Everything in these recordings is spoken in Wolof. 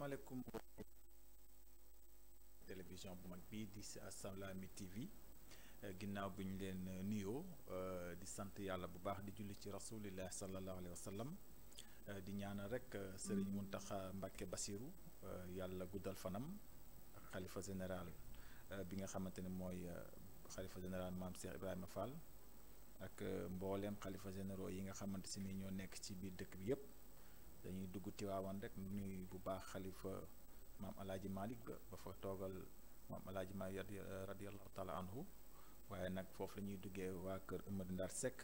asalaamaaleykum télévision bu mag bii di Assalaamy TV eh, ginnaaw bi ñu leen eh, nuyoo eh, di sant yàlla bu baax di julli ci rasulillah sallallahu alayhi wa sallam di ñaanal rek Serigne Mountakha Mbacké Bassirou yàlla guddal fanam ak xalifa général bi nga xamante ne mooy xalifa général maam Cheikh Ibrahima Fall ak mbooleem xalifa généraux yi nga xamante si ni ñoo nekk ci biir dëkk bi yépp dañuy dugg Tiwaawan rek nuyu bu baax xalifa maam alaaji Malick ba fa toogal maam alaaji Malick eh, radiallahu taala anhu waaye nag foofu lañuy duggee waa kër Amady Ndar Seck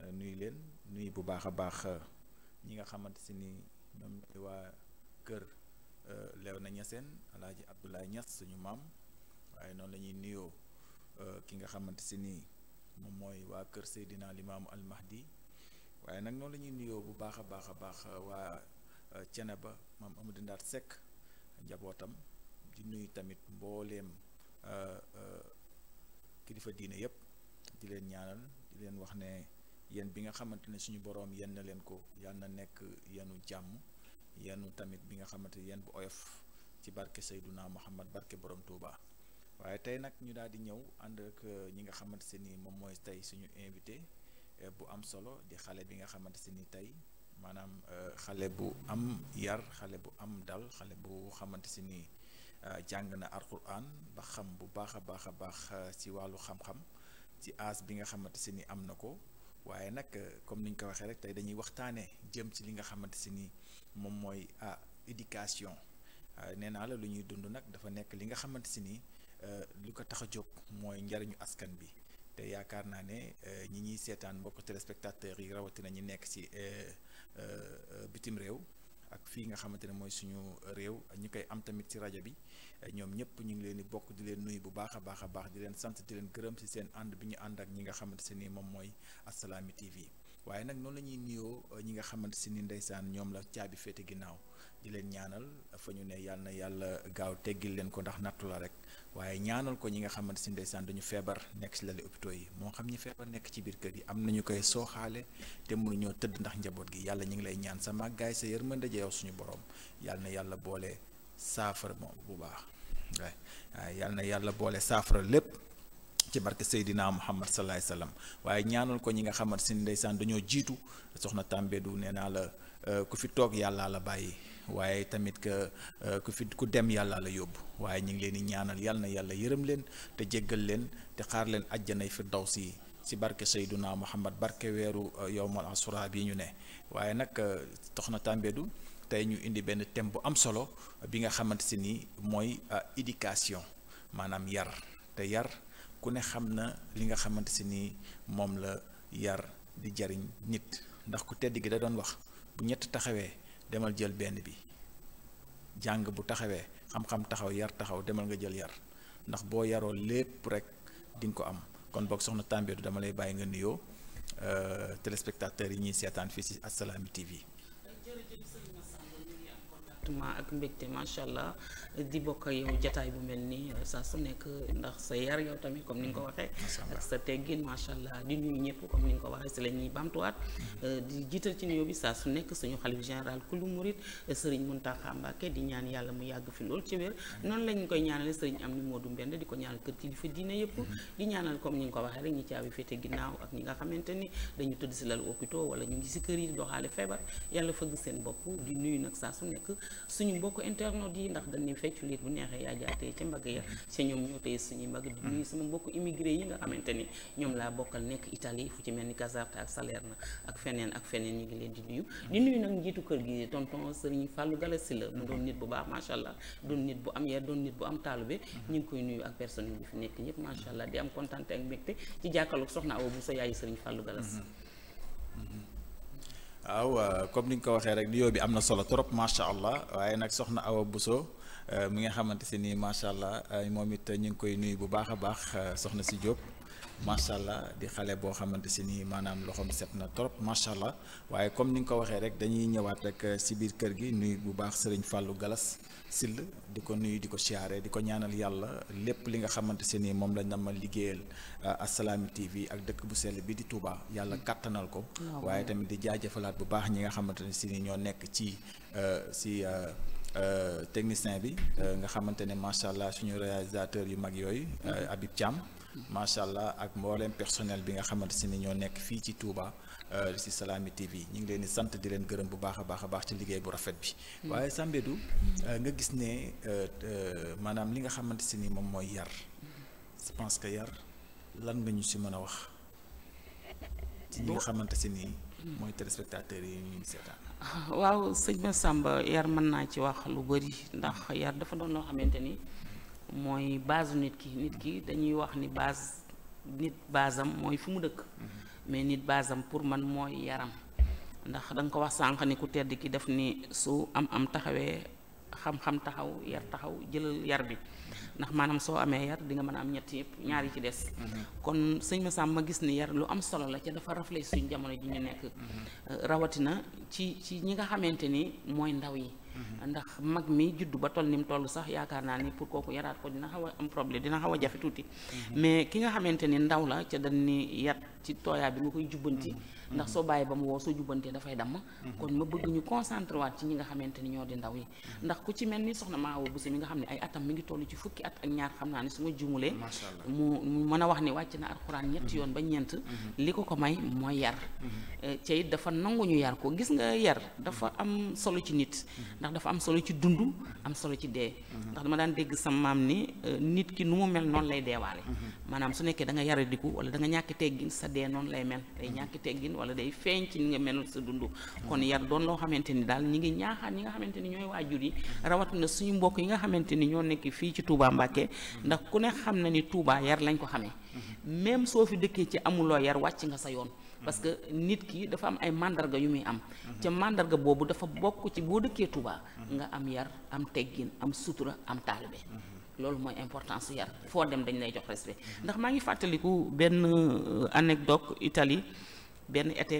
eh, nuyu leen nuyu bu baax a baax eh, ñi nga xamante si ni ñoom ñooy waa kër Léona Niassène alaaji Abdoulaye maam waaye noonu la ñuy nuyoo ki nga xamante ni moom mooy waa kër Seydina Limaamu Al Mahdi waaye nag noonu lañuy nuyoo bu baax a baax a baax euh, waa Ceneba euh, maam Amadou Ndaat Seck njabootam di nuyu tamit mbooleem euh, kilifa diine yépp di leen ñaanal di leen wax ne yéen bi nga xamante ne suñu boroom yéen na leen ko yal na nekk yenu jàmm yenu tamit bi nga xamante ne yéen bu oyof ci barke Seydouna Muhammad barke borom Touba waaye tey nag ñu daal di ñëw ànd ak ñi nga xamante ne ni moom mooy tey suñu invité Eh, bu am solo di xale bi nga xamante si ni tey maanaam eh, xale bu am yar xale bu am dal xale bu xamante si ni eh, jàng na alxuraan ba xam bu baax a baax a baax ci wàllu xam-xam ci aas bi nga xamante si ni am na ko waaye nag comme ni ñu ko waxee rek tey dañuy waxtaanee jëm ci li nga xamante si ni moom mooy ah éducation nee naa la lu ñuy dund nag dafa nekk li nga xamante si ni lu ko tax a jóg mooy njariñu askan bi te yaakaar naa ne euh, ñi ñuy seetaan mbokk téléspectateurs yi rawatina ñi nekk ci euh, euh, bitim réew ak fii nga xamante ne mooy suñu réew ñu koy am tamit ci rajo bi ñoom ñëpp ñu ngi leen di bokk di leen nuyu bu baax a baax a baax di leen sant di leen gërëm ci seen ànd bi ñu ànd ak ñi nga xamante ne moom mooy Assalaamy TV. waaye nag noonu la ñuy nuyoo euh, ñi nga xamante si ni ndeysaan ñoom la caabi féete ginnaaw di leen ñaanal euh, fa ñu ne yàlla na yàlla gaaw teggi leen ko ndax nattu la rek waaye ñaanal ko ñi nga xamante si ndeysaan dañu feebar nekk si lali hôpitaux yi moo xam ñi feebar nekk ci biir kër yi am nañu koy soo sooxaale te ñoo tëdd ndax njaboot gi yàlla ñu ngi lay ñaan sa màggaay sa yërmande yow suñu borom yàlla na yàlla boole saafara moom bu baax waaye yàlla na yàlla boole saafara lépp ci barke Seydina Muhammad salaay salaam waaye ñaanal ko ñi nga xamante si ndeysaan dañoo jiitu soxna Tambédou nee naa la euh, ku fi toog yàllaa la bàyyi waaye tamit que euh, ku fi ku dem yàlla la yóbbu waaye ñu ngi leen di ñaanal yàlla na yàlla yërëm leen te jéggal leen te xaar leen àjjanay firdaws yi si barke Seydina Muhammad barke weeru euh, yowmal asura bi ñu ne waaye nag soxna Tambédou tey ñu indi benn thème bu am solo bi nga xamante si ni mooy éducation maanaam yar yar. ku ne xam na li nga xamante si ni moom la yar di jariñ nit ndax ku tedd gi da doon wax bu ñett taxawee demal jël benn bi jàng bu taxawee xam-xam taxaw yar taxaw demal nga jël yar ndax boo yaroo lépp rek di nga ko am kon boog soxna Tambidou dama lay bàyyi nga nuyoo euh, téléspectateurs yi ñuy seetaan fii ci Assalaamy TV. jërëjëf contentement ak mbégte macha allah di bokk yow jataay bu mel nii euh, saa su nekk ndax sa yar yow tamit comme ni nga ko waxee. ak sa teggin macha allah di nuyu ñëpp comme ni nga ko waxee si la ñuy bamtuwaat. Mm-hmm. Euh, di jiital ci nuyoo bi saa su nekk suñu xalif général kulu murit euh, Serigne Mountakha Mbacké di ñaan yàlla mu yàgg fi lool ci wér mm-hmm. noonu lañ koy ñaanale Serigne am ni Modou Mbend di ko ñaanal kër kilifa diine yëpp. Mm-hmm. di ñaanal comme ni nga ko waxee rek ñi caabi féete ginnaaw ak ñi nga xamante ni dañu tëdd si lal hôpital wala ñu ngi si kër yi doxaale feebar yàlla fëgg seen bopp di nuyu nag saa su nekk suñu mbokku internautes yi ndax dañ ne feccu liit bu neexee yaa jaatee ca mbagg ya ca ñoom ñoo tey suñuy mbagg di nuyu sama mbokku immigré yi nga xamante ni ñoom laa bokkal nekk itali fu ci mel ni Caserta ak na ak feneen ak feneen ñu ngi leen di nuyu di nag njiitu kër gi tonton Serigne Fallou Galassi la mu nit bu baax macha allah nit bu am yar doon nit bu am taalube ñu ngi koy nuyu ak personne yi fi nekk ñëpp macha allah di am kontaan ak mbégte ci jàkkaarloog soxna Awa Bousso yaayu Serigne Fallou Galassi waaw euh, comme ni nga ko waxee rek nuyoo bi am na solo trop macha allah waaye nag soxna Awa Bousso euh, mi nga xamante si ni macha allah euh, moom it ñu ngi koy nuyu bu baax a baax soxna si Diop. macha allah di xale boo xamante si ni maanaam loxoom set na trop macha allah waaye comme ni nga ko waxee rek dañuy ñëwaat rek euh, si biir kër gi nuyu bu baax sëriñ fàllu Galas sil di ko nuyu di ko siyaare di ko ñaanal yàlla lépp li nga xamante si ni moom lañ nama liggéeyal euh, Assalaamy TV ak dëkk bu sell bi di Touba yàlla kattanal ko. waaye tamit di jëfalaat bu baax ñi nga xamante ne si ni ñoo nekk ci euh, si. technicien bi nga xamante ne macha allah suñu réalisateur yu mag yooyu Habib Thiam macha allah ak mboolem personnel bi nga xamante si ni ñoo nekk fii ci Touba euh, ci Assalaamy TV ñu ngi leen di sant di leen gërëm bu baax a baax a baax ci liggéey bu rafet bi. Mm. waaye Sambédou euh, nga gis ne euh, maanaam li nga xamante si ni moom mooy yar. je pense que yar lan nga ñu si mën a wax. ci xamante si ni. mooy téléspectateur yi ñuy seetaan. waaw sëñ Massamba yar mën naa ci wax lu bëri ndax yar dafa doon loo xamante ni. mooy base nit ki nit ki dañuy wax ni baas nit basam mooy fu mu dëkk mhm. mais nit basam pour man mooy yaram ndax danga ko wax sànq ni ku tedd ki def ni su am am taxawee xam-xam taxaw yar taxaw jëlal yar bi mhm. ndax maanaam soo amee yar di nga mën a am ñett yëpp ñaar yi ci des mhm. kon sëñ Massamba ma gis ni yar lu am solo la ca dafa raflé suñ jamono ji ñu nekk rawatina ci ci ñi nga xamante ni mooy ndaw yi ndax mag mi juddu ba toll ni mu toll sax yaakaar naa ni pour kooku yaraat ko dina xaw a am problème dina xaw a jafe tuuti mhm. mais ki nga xamante ni ndaw la ca dañ ni yat ci tooyaa bi nga koy jubbanti mhm. ndax soo bàyyi ba mu woo soo jubbantee dafay damm kon ma bëgg ñu concentré waat ci ñi nga xamante ni ñoo di ndaw yi ndax ku ci mel ni soxna Maawo Bousso mi nga xam ne ay atam mi ngi tollu ci fukki at ak ñaar xam naa ne su ma jumulee mu mën a wax ni wàcc na alxuraan ñetti mhm. yoon ba ñeent mhm. li ko ko may mooy yar mhm. eh, ca dafa nangu ñu yar ko gis nga yar dafa am solo ci nit ndax dafa am solo ci dund am solo ci dee ndax dama daan dégg sa maam ni eh, nit ki nu mu mel noonu lay deewaale maanaam su nekkee da nga yaradiku wala danga nga ñàkk teggin sa dee noon lay mel day mm-hmm. ñàkk teggin wala day feeñ ci ni nga mel sa dund kon mm-hmm. yar doon loo xamante ni daal ñi ngi ñaaxaan ñi nga xamante ni ñooy waajur yi mm-hmm. rawatina suñu mbokk yi nga xamante ni ñoo nekk fii ci Touba Mbacké ndax ku ne xam na ni Touba yar lañ ko xamee même soo fi dëkkee ci amuloo yar wàcc nga sa yoon parce que nit ki dafa am ay mandarga yu muy am ca mandarga boobu dafa bokk ci boo dëkkee Touba nga am yar am teggin am sutura am taalibe loolu mooy importance yar foo dem dañ lay jox respect ndax maa ngi fàttaliku benn euh, anecdote itali benn été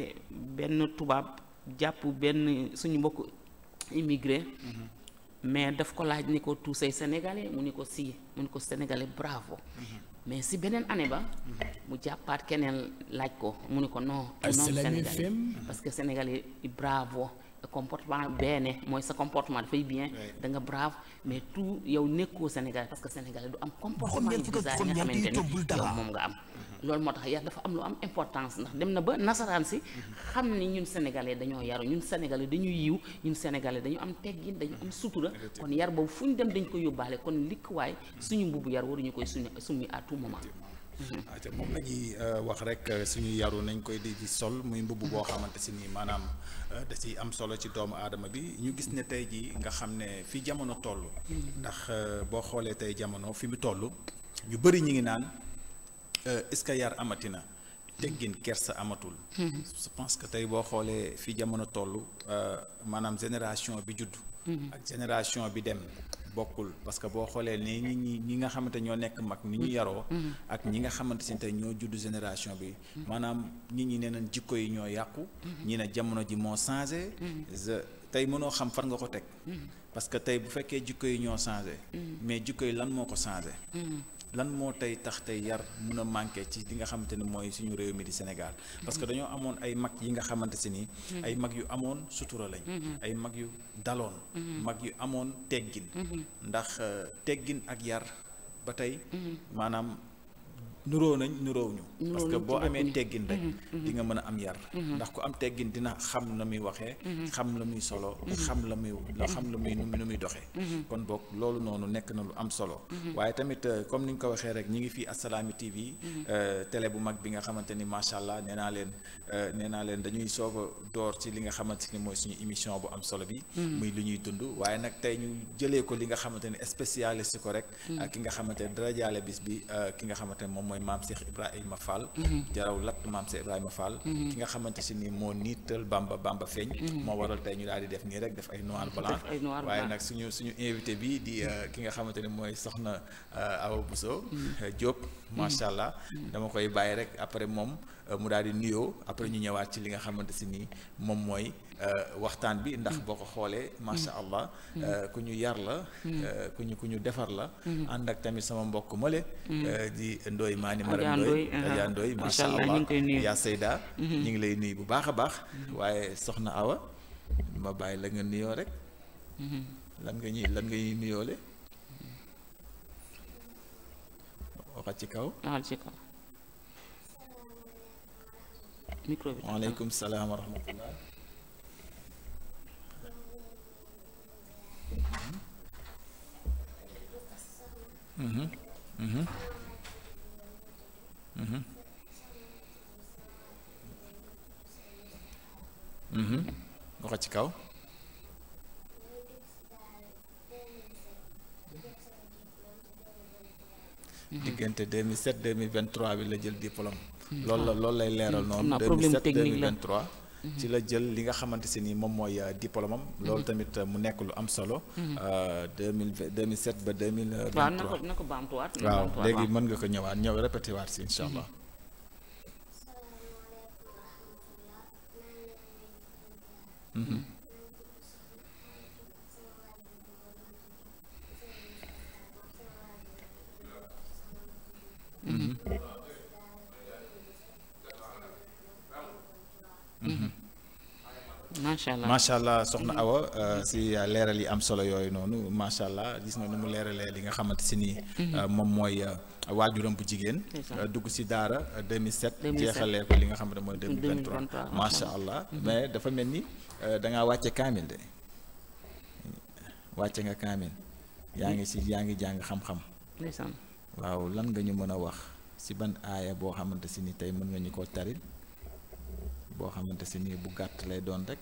benn tubaab jàpp benn suñu mbokk immigré mm-hmm. mais daf ko laaj ni ko tous say sénégalais mu ni ko si mu ni ko sénégalais bravo mm-hmm. mais si beneen année ba mm-hmm. mu jàppaat keneen laaj ko mu ni ko non ah, non sénégalais parce que sénégalais bravo comportement benn mooy sa comportement dafay bien danga nga brave mais tout yow nekkoo Sénégal parce que Sénégal du am comportement yu bizarre yi nga ne yow moom nga am mm-hmm. loolu moo tax yar dafa am lu am importance ndax dem na ba nasaraan si mm-hmm. xam ni ñun sénégalais dañoo yaru ñun sénégalais dañu yiw ñun sénégalais dañu am teggin dañu am sutura kon yar boobu fu ñu dem dañ ko yóbbaale kon likk waay suñu mbubb yar waruñu koy suñu summi à tout moment te moom la ñuy euh, wax rek euh, suñu yaru nañ koy di ci sol muy mbubb boo xamante si nii maanaam euh, da ciy am solo ci doomu aadama bi ñu gis ne tey ji nga xam ne fi jamono toll ndax boo xoolee tey jamono fi mu tollu ñu bëri ñu ngi naan est-ce que yar amatina teggin kersa amatul pense que tey boo xoolee fi jamono toll maanaam génération bi judd ak génération bi dem bokkul parce que boo xoolee ni ñi ñi nga xamante ñoo nekk mag ni ñu yaroo ak ñi nga xamante ne tey ñoo judd génération bi maanaam nit ñi nee nañ jikko yi ñoo yàqu ñi ne jamono ji moo changé tey mënoo xam fan nga ko teg parce que tey bu fekkee jikko yi ñoo changé mais jikko yi lan moo ko changé lan moo tey tax tey yar mun a manqué ci li nga xamante ne mooy suñu réew mi di Sénégal parce que dañoo amoon ay mag yi nga xamante si nii mm-hmm. ay mag yu amoon sutura lañ mm-hmm. ay mag yu daloon mm-hmm. mag yu amoon teggin ndax euh, teggin ak yar ba tey maanaam nuróo nañ nuróow ñu parce que boo amee teggin rek mm-hmm, mm-hmm. di nga mën a am yar mm-hmm. ndax ku am teggin dina xam la muy waxee xam la muy solo xam la muy la xam la muy nu muy doxee kon boog loolu noonu nekk na lu am solo waaye tamit euh, comme ni nga ko waxee rek ñi ngi fii Assalaamy TV euh, télé bu mag bi nga xamante ni macha allah nee naa leen euh, nee naa leen dañuy soog a door ci li nga xamante ni mooy suñu émission bu am solo bi muy lu ñuy dund waaye nag tey ñu jëlee ko li nga xamante ni spécialiste ko rek ki nga xamante ni dara mooy maam Cheikh a Fall. jaraw latt maam Cheikh Ibrahima Fall. Mhm. Mhm. ki nga xamante si ni moo niital Bamba Bamba feeñ. Mhm. moo waral tey ñu daal di def nii rek def ay noir blanc waaye nag suñu suñu invité bi di euh, ki nga xamante ni mooy soxna euh, Awa Bousso Diop macha allah dama koy bàyyi rek après moom. Euh, mu daal di nuyoo après ñu ñëwaat ci li nga xamante si nii moom mooy euh, waxtaan bi ndax boo ko xoolee macha allah mm-hmm. euh, ku ñu yar la mm-hmm. ku ñu ku ñu defar la mm-hmm. ànd ak tamit sama mbokk male di ndoy maa ni maram ndooy ajaa ndooy uh-huh. macha allah yaa sayda ñu ngi lay nuyu bu baax a baax waaye soxna awa ma bàyyi la nga nuyoo rek lan nga ñuy lan nga ñuy nuyoole waxal waxal ci kaw micro bi waaleykum salaam wa rahmatullah mm-hmm. mm-hmm. mm-hmm. waxal ci kaw Mhm. diggante 2007 2023 bi la jël diplôme. Mhm. loolu la loolu lay leeral mhm. noonu. 2007 2023. ci la jël li nga xamante si ni moom mooy euh, diplôme am. loolu tamit euh, mu nekk lu am solo. 2020 2007 euh, ba 2023 waaw na léegi mën nga ko ñëwaat ñëw répété si incha allah. Mm-hmm. Mm-hmm. macha allah macha allah soxna Awa euh, si euh, leeral yi am solo yooyu noonu macha allah gis nga ni mu leeralee li nga xamante si ni. Mm-hmm. Euh, moom mooy waajuram bu jigéen. dugg si Daara 2007. jeexalee ko li nga xamante mooy 2023 macha allah mais dafa mel ni da wàcce kaamil de wàcce nga kaamil yaa ngi si yaa ngi jàng xam-xam. waaw lan nga ñu mën a wax si ban aaya boo xamante si ni tey mën nga ñu ko taril boo xamante si ni bu gàtt lay doon rek.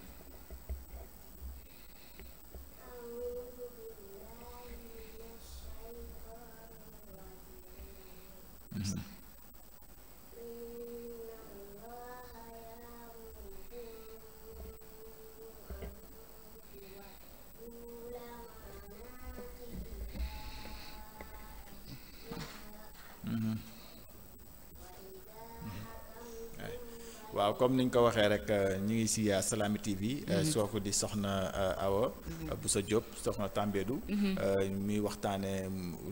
waaw comme ni ñu ko waxee rek euh, ñu ngi si Assalaamy euh, TV. Euh, mhm. mhm. soo ko di soxna Awa. Mhm. bu sa Diop soxna Tambédou. muy waxtaanee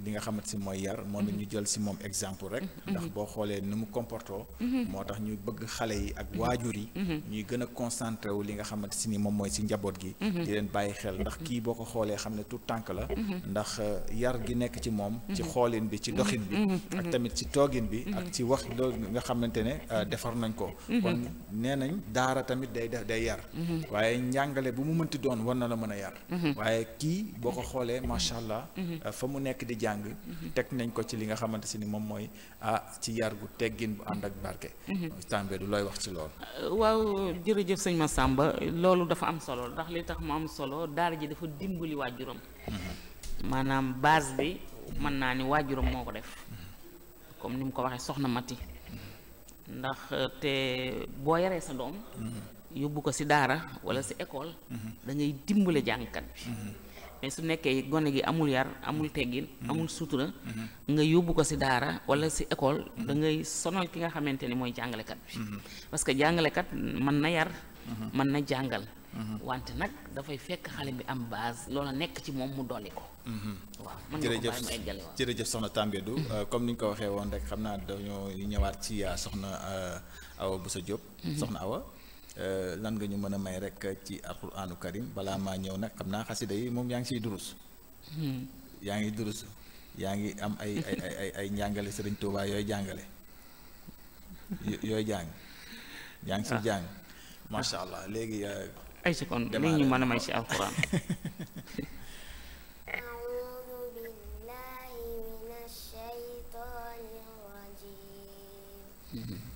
li nga xamante si mooy yar moom ñu jël si moom exemple rek. ndax boo xoolee ni mu comportoo. moo tax ñu bëgg xale yi ak waajur yi. ñuy gën a concentré wu li nga xamante si ni moom mooy si njaboot gi. di leen bàyyi xel ndax kii boo ko xoolee xam ne tout tànk la. ndax yar gi nekk ci moom. ci xoolin bi ci doxin bi. ak tamit ci toogin bi. ak ci wax loolu nga xamante ne defar nañ ko. ñoom nee nañ daara tamit day def day yar mhm. waaye njàngale bu mu mënti doon war na la mën a yar mhm. waaye kii boo ko xoolee macha allah mhm. fa mu nekk di jàng teg nañ ko ci li nga xamante si ni moom mooy ah ci yar gu teggin bu ànd ak barke tàmbee du looy wax ci loolu euh, waaw jërëjëf sëñ Massamba loolu dafa am solo ndax li tax mu am solo daara ji dafa dimbali waajuram maanaam base bi mën naa ni waajuram moo ko def comme ni mu ko waxee soxna Mati ndax euh, te boo yaree sa doom mm-hmm. yóbbu ko si daara wala si école mm-hmm. da ngay dimbale jàngkat bi mm-hmm. mais su nekkee gone gi amul yar amul teggin amul sutura nga yóbbu ko si daara wala si école da ngay sonal ki nga xamante ni mooy jàngalekat bi parce que jàngalekat mën na yar mën na jàngal wante nag dafay fekk xale bi am base loola nekk ci moom mu dolli ko Mm-hmm. jërëjëf jërëjëf soxna Tambédou euh, comme ni ñu ko waxee woon rek xam naa dañoo ñëwaat ci euh, soxna euh, Awa Bousso Diop. Mm-hmm. soxna Awa lan nga ñu mën a may rek ci alquraanu karim balaa maa ñëw nag xam naa xasida yi moom yaa ngi siy durus. Mm-hmm. yaa ngi durus yaa ngi am ay ay ay ay njàngale Sëriñ Tuubaa yooyu jàngale yooyu jàng yaa ngi siy ah. jàng. macha allah léegi. ay si kon li ñu mën a may si alquraan Mm-hmm.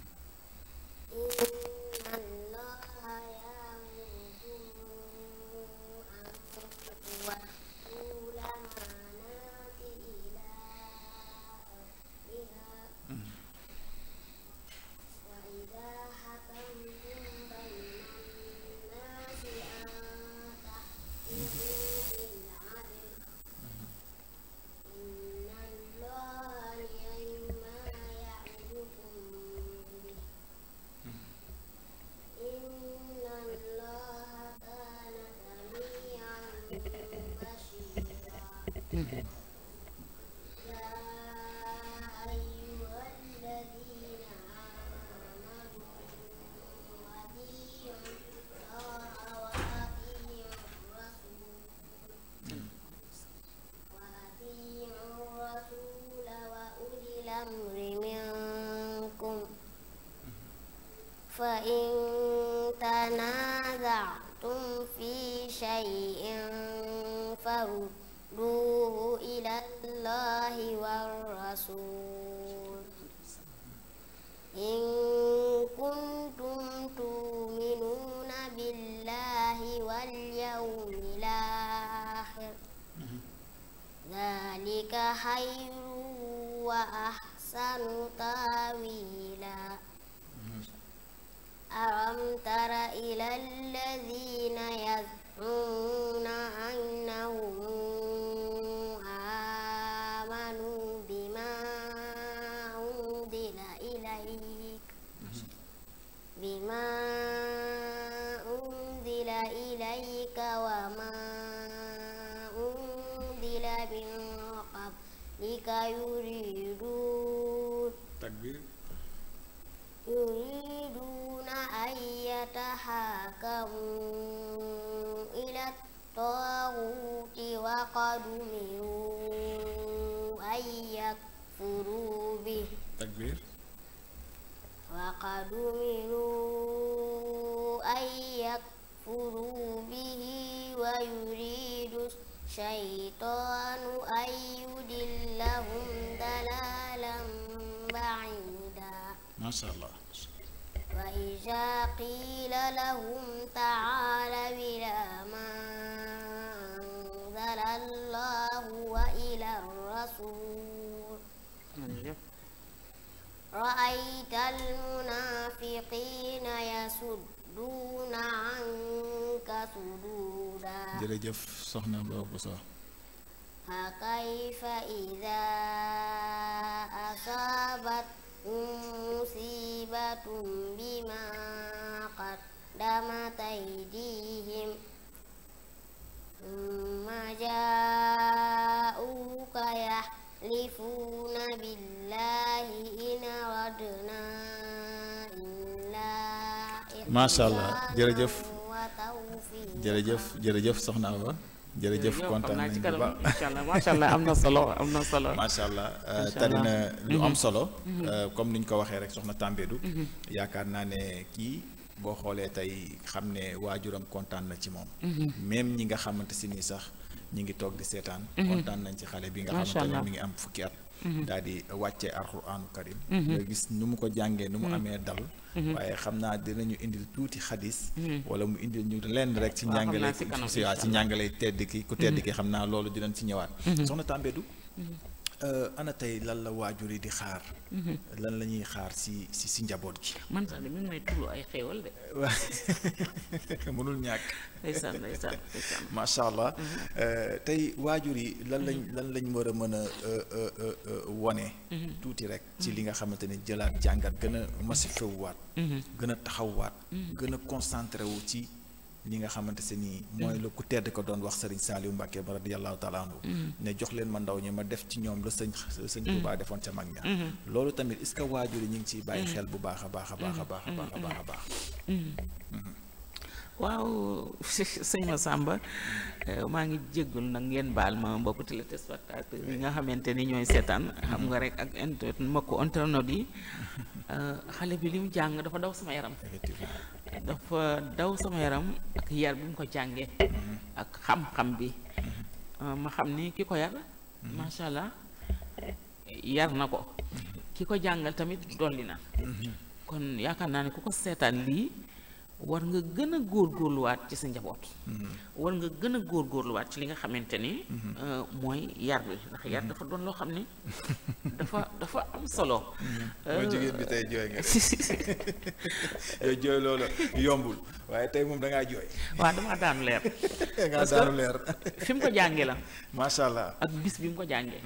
أنزل إليك وما أنزل من قبلك يريدون تكبير يريدون أن يتحاكموا إلى الطاغوت وقد أمروا أن يكفروا به تكبير وقد أمروا قلوبه ويريد الشيطان أن يدلهم دلالا بعيدا ما شاء الله وإذا قيل لهم تعالوا إلى ما أنزل الله وإلى الرسول رأيت المنافقين يسدون يصدون عنك صدودا جرجف صحنا بابا فكيف إذا أصابتهم مصيبة بما قدمت أيديهم ثم جاءوك يحلفون بالله إن أردنا macha allah jërëjëf jërëjëf jërëjëf soxna Awa jërëjëf kontaan nañu bu allah am na solo am na solo. macha euh, allah tari na lu am mhm. solo. Mhm. Euh, comme ni ñu ko waxee rek soxna Tambédou. Mhm. yaakaar naa ne kii boo xoolee tey xam ne waajuram kontaan na ci moom. même ñi nga xamante si nii sax ñi ngi toog seetaan. kontaan nañ ci xale bi nga xamante ne mi ngi am fukki at. Mm-hmm. daal di wàccee alxuraanu karim mm-hmm. nga gis nu mu ko jàngee nu mu mm-hmm. amee dal waaye xam naa dinañu indil tuuti xadis wala mu indil ñu lenn ah, rek ci njàngale si waaw si njàngale tedd ki ku tedd ki xam naa loolu dinañ ci ñëwaat soxna Tambédou Euh, ana tey lan la waajur yi di xaar. Mhm. lan la ñuy xaar si si si njaboot gi. man sax may tullu ay xéewal de. mënul ñàkk. ndeysaan macha allah mhm. euh, tey waajur yi lan lañ mhm. lan lañ war a mën a euh, wane. tuuti rek ci li nga xamante ne jëlaat jàngat gën a masifewuwaat. gën a taxawwaat. gën a concentré ci. ñi nga xamante se nii mooy mm. la ku tedd ko doon wax sëriñ Saaliw Mbàkke ba radiyallahu taala anhu mm. ne jox leen ma ndaw ñi ma def ci ñoom la sëñ sëñ Tuubaa mm. defoon ca mag ña mm-hmm. loolu tamit est-ce que waajur yi ñu ngi ciy bàyyi xel bu a baax a baax a baax a baax a baax a baax mm-hmm. waaw sëñ Massamba eh, maa ngi jéggul nag ngeen baal ma mbokk téléspectateur bi nga xamante ni ñooy seetaan xam nga rek ak internet mbokku internet yi eh, xale bi li mu jàng dafa daw sama yaram dafa daw sama yaram ak yar bi mu ko jàngee ak xam-xam bi eh, ma xam ni ki ko yar macha allah yar na ko ki ko jàngal tamit dolli na mm-hmm. kon yaakaar naa ne ku ko seetaan lii war nga gën a góorgóorluwaat ci sa njaboot. Mm-hmm. war nga gën a góorgóorluwaat ci li nga xamante ni. Mm-hmm. Euh, mooy yar bi ndax yar mm-hmm. dafa doon loo xam ne dafa dafa am solo. Euh, mooy jigéen jooy loolu yombul waaye tey moom da ngaa jooy. waaw damaa daanu leer. nga daanu leer fi mu ko jàngee la. macha allah ak bis bi mu ko jàngee.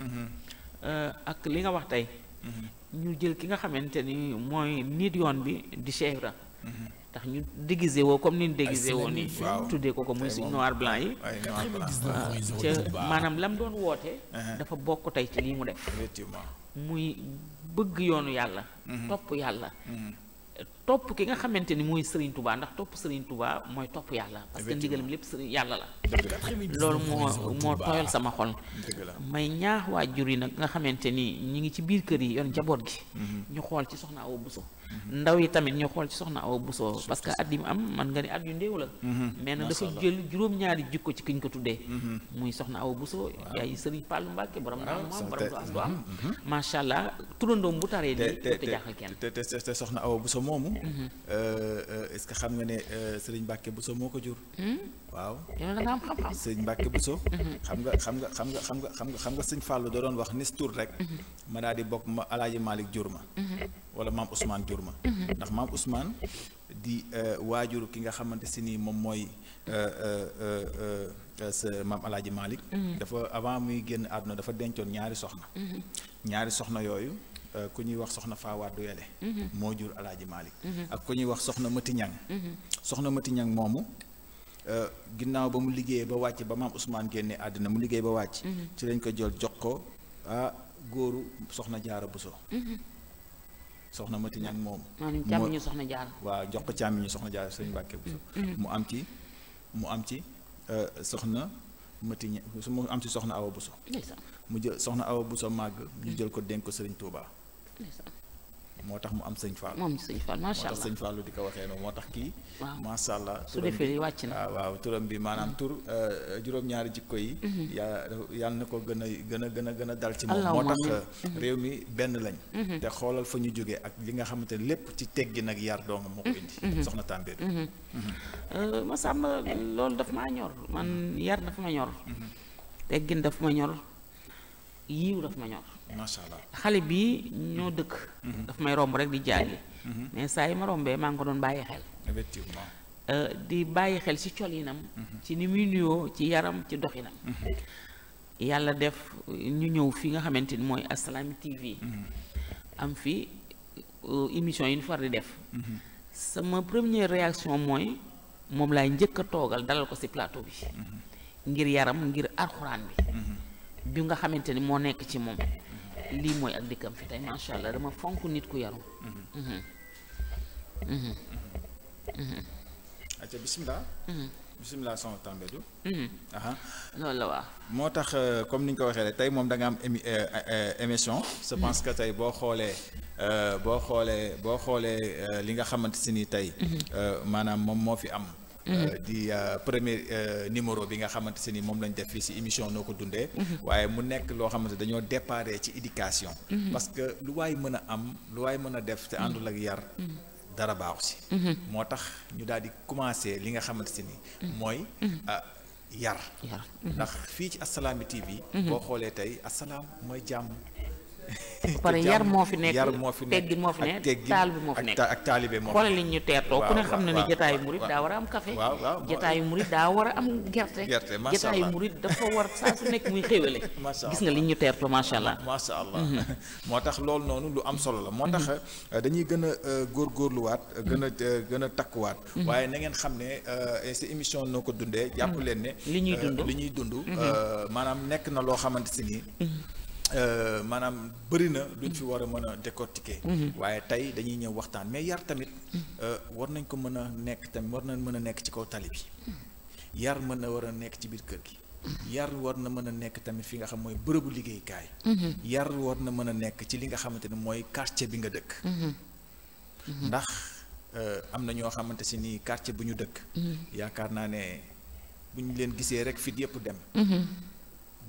Euh, ak li nga wax tey. ñu jël ki nga xamante ni mooy nit yoon bi di Cheikh tax ñu déguisé woo comme ni ñu déguisé woo ni tuddee ko ko muy si noir blanc yi ah, ca maanaam lam doon woote uh-huh. dafa bokk tey ci lii mu def muy bëgg yoonu yàlla mm-hmm. topp yàlla mm-hmm. topp ki nga xamante ni mooy Serigne Touba ndax topp Serigne Touba mooy topp yàlla parce que ndigalam lépp Serigne yàlla la loolu moo moo tooyal sama xol may ñaax waajur yi nag nga xamante ni ñu ngi ci biir kër yi yor jaboot gi mhm. ñu xool ci soxna Awa Bousso mhm. ndaw yi tamit ñu xool ci soxna Awa Bousso parce que at yi mu am man nga ni at yu ndéew mhm. mais nag dafa jël juróom-ñaari jikko ci kiñ ko tuddee muy soxna Awa Bousso yaay Serigne Pallou Mbacke borom naa moom am macha allah turandoom bu taree nii te jaaxal te soxna Awa Bousso moomu Mhm. Euh, euh, est-ce que xam nga ne euh, Serigne bu Bousso moo ko jur. Hmm? waaw Serigne bu so mhm. xam nga xam nga xam nga xam nga xam nga xam nga Serigne Fallou da doon wax nis tur rek. Mhm. ma daal di bokk ma Alaaji Malick jur ma. wala maam Ousmane jur ma. ndax maam Ousmane di waajur ki nga xamante si ni moom mooy. sa maam Alaaji Malick. dafa avant muy génn àdduna dafa dencoon ñaari soxna. ñaari soxna yooyu. Euh, ku ñuy wax soxna Fawa Duyale mhm. moo jur alaaji Malick mhm. ak ku ñuy wax soxna Mati Ñang mhm. soxna Mati Ñang moomu euh, ginnaaw ba mu liggéeyee ba wàcc ba maam Ousmane génne àddina liggéey ba wàcc ci lañ jox ko ah góoru soxna Jaara Buso soxna Mati Ñang moomu càmmiñu soxna Jaara waaw jox càmmiñu soxna Jaara sëñ Mbàkke Buso mu am ci mu am ci euh, soxna Mati Ñang mu am ci soxna Awa Buso mu jël soxna Awa Bousso màgg ñu jël ko dénk ko Serigne Touba. moo tax mu am sëñ Fall. moom sëñ Fall macha allah moo tax sëñ Fall di ko waxee noonu moo tax kii. waaw allah. su defee lii wàcc na waaw turam bi maanaam mm-hmm. tur euh, juróom-ñaari jikko yi. Mm-hmm. yàlla na ko gën a gën a gën a gën a dal ci moom. moo tax mm-hmm. réew mi benn lañ. te xoolal fa ñu jógee ak li nga xamante ne lépp ci teggi nag yar doomam moo ko indi. soxna Tambédou. Euh, Massamba loolu daf maa ñor man yar dafa ma ñor. teggin dafa ma ñor. yiiw daf ma ñor. xale bi ñoo dëkk. Mhm. daf may romb rek di jàlli. Mhm. mais saa yi ma rombee maa ngi ko doon bàyyi xel. effectivement. Euh, di bàyyi xel ci nam mhm. ci ni muy nuyoo ci yaram ci doxinam. yàlla def ñu ñëw fi nga xamante ni mooy Assalaamy TV. am fi euh, émission yi ñu far di def. sama première réaction mooy moom laay njëkk a toogal dalal ko ci plateau bi. ngir yaram ngir alxuraan bi. bi nga xamante ni moo nekk ci moom lii mooy ak dikkam fi tey macha allah dama fonk nit ku yaru mm-hmm. mm-hmm. mm-hmm. acca bismillah bismillah son Tambédou aha loolu waa moo tax euh, comme ni ñu ko waxee rek tey moom danga am émi euh, euh, émission je que tey boo xoolee boo xoolee boo xoolee li nga xamante si ni tey maanaam moom moo fi am Euh, mm-hmm. di euh, premier euh, numéro bi nga xamante se ni moom lañ def fii si émission noo ko dundee mm-hmm. waaye mu nekk loo xamante dañoo dépare ci éducation mm-hmm. parce que lu waay mën a am lu waay mën a def te àndul ak yar dara baaxu si moo tax ñu daal di commencé li nga xamante se ni mooy yar ndax fii ci Assalaamy TV boo xoolee tey assalaam mooy jàmm pare yar moo fi nekk yar moo fi nekk teggin moo fi nekk taal bi moo fi nekk ak li ñu teertoo ku ne xam na ne jataayu murit daa war a am café jataayu murit daa war a am gerte jataayu murit dafa war saa su nekk muy xéwale gis li ñu teertoo macha allah macha mhm. moo tax loolu noonu lu am solo la moo tax mhm. euh, dañuy gën a euh, góorluwaat euh, gën a mhm. gën a takkuwaat waaye na ngeen xam ne sa émission noo ko dundee jàpp leen ne li ñuy dund li ñuy dund maanaam nekk na loo xamante si nii Euh, maanaam bëri na luñ fi war a mën a décortiquer. Mhm. waaye tey dañuy ñëw waxtaan mais yar tamit mhm. euh, war nañ ko mën a nekk tamit war nañ mën a nekk ci kaw tali bi mhm. yar mën na war a nekk ci biir kër gi. yar war na mën a nekk tamit fi nga xam mooy bërëbu liggéeykaay. yar war na mën a nekk ci li nga xamante ni mooy karce bi nga dëkk. ndax euh, am na ñoo xamante si ni quartier bu ñu dëkk. yaakaar naa ne bu ñu leen gisee rek fit yëpp dem.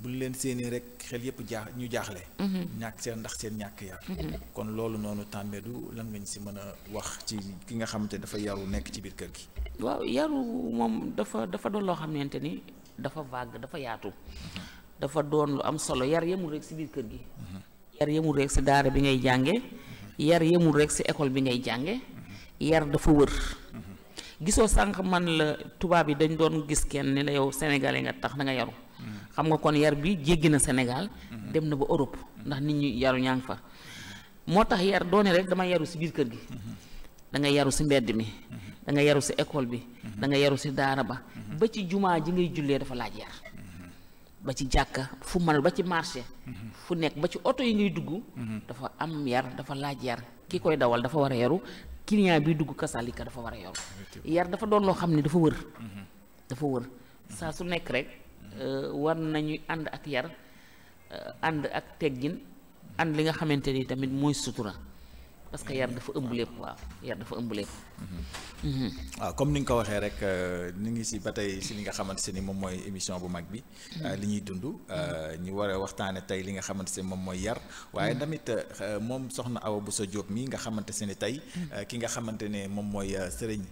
buñ leen séenee rek xel yëpp jaax ñu jaaxle. Mhm. ñàkk seen ndax seen ñàkk yar. Mhm. kon loolu noonu tàmbeedu lan nga ñu si mën a wax ci ki nga xamante dafa yaru nekk ci biir kër gi. waaw yaru moom dafa dafa doon loo xamante ni dafa vague dafa yaatu. dafa doon am solo yar yemul rek si biir kër gi. Mhm. yar rek si daara bi ngay jànge yar yemul rek si école bi ngay jànge yar dafa wër. gisoo sànq man la tubaab yi dañ doon gis kenn ni la yow sénégalais nga tax da nga yaru. xam nga kon yar bi jéggi na Sénégal mhm. dem na ba Europe ndax nit ñu yaru ñaan fa moo tax yar doone rek dama yaru si biir kër gi mhm. da nga yaru si mbedd mi mhm. da nga yaru si école bi da nga yaru si daara ba ba ci jumaa ji ngay jullee dafa laaj yar ba ci jàkka fu mën ba ci marché fu nekk ba ci oto yi ngay dugg dafa am yar dafa laaj yar ki koy dawal dafa war a yaru client bi dugg kasalika dafa war a yaru yar dafa doon loo xam ne dafa wër saa su nekk rek Euh, war nañu ànd ak yar euh, ànd ak teggin ànd li nga xamante ni tamit mooy sutura parce que yar dafa ëmb lépp waaw yar dafa ëmb lépp. waaw mm-hmm. ah, comme ni nga ko waxee rek ni euh, ngi si ba tey si li nga xamante ne moom mooy émission bu mag bi. Mm-hmm. Euh, li ñuy dund euh, ñu war a waxtaane tey li nga xamante ne moom mooy yar mm-hmm. waaye tamit moom soxna Awa Bousso Diop mi nga xamante ne tey ki nga xamante ne moom mooy Serigne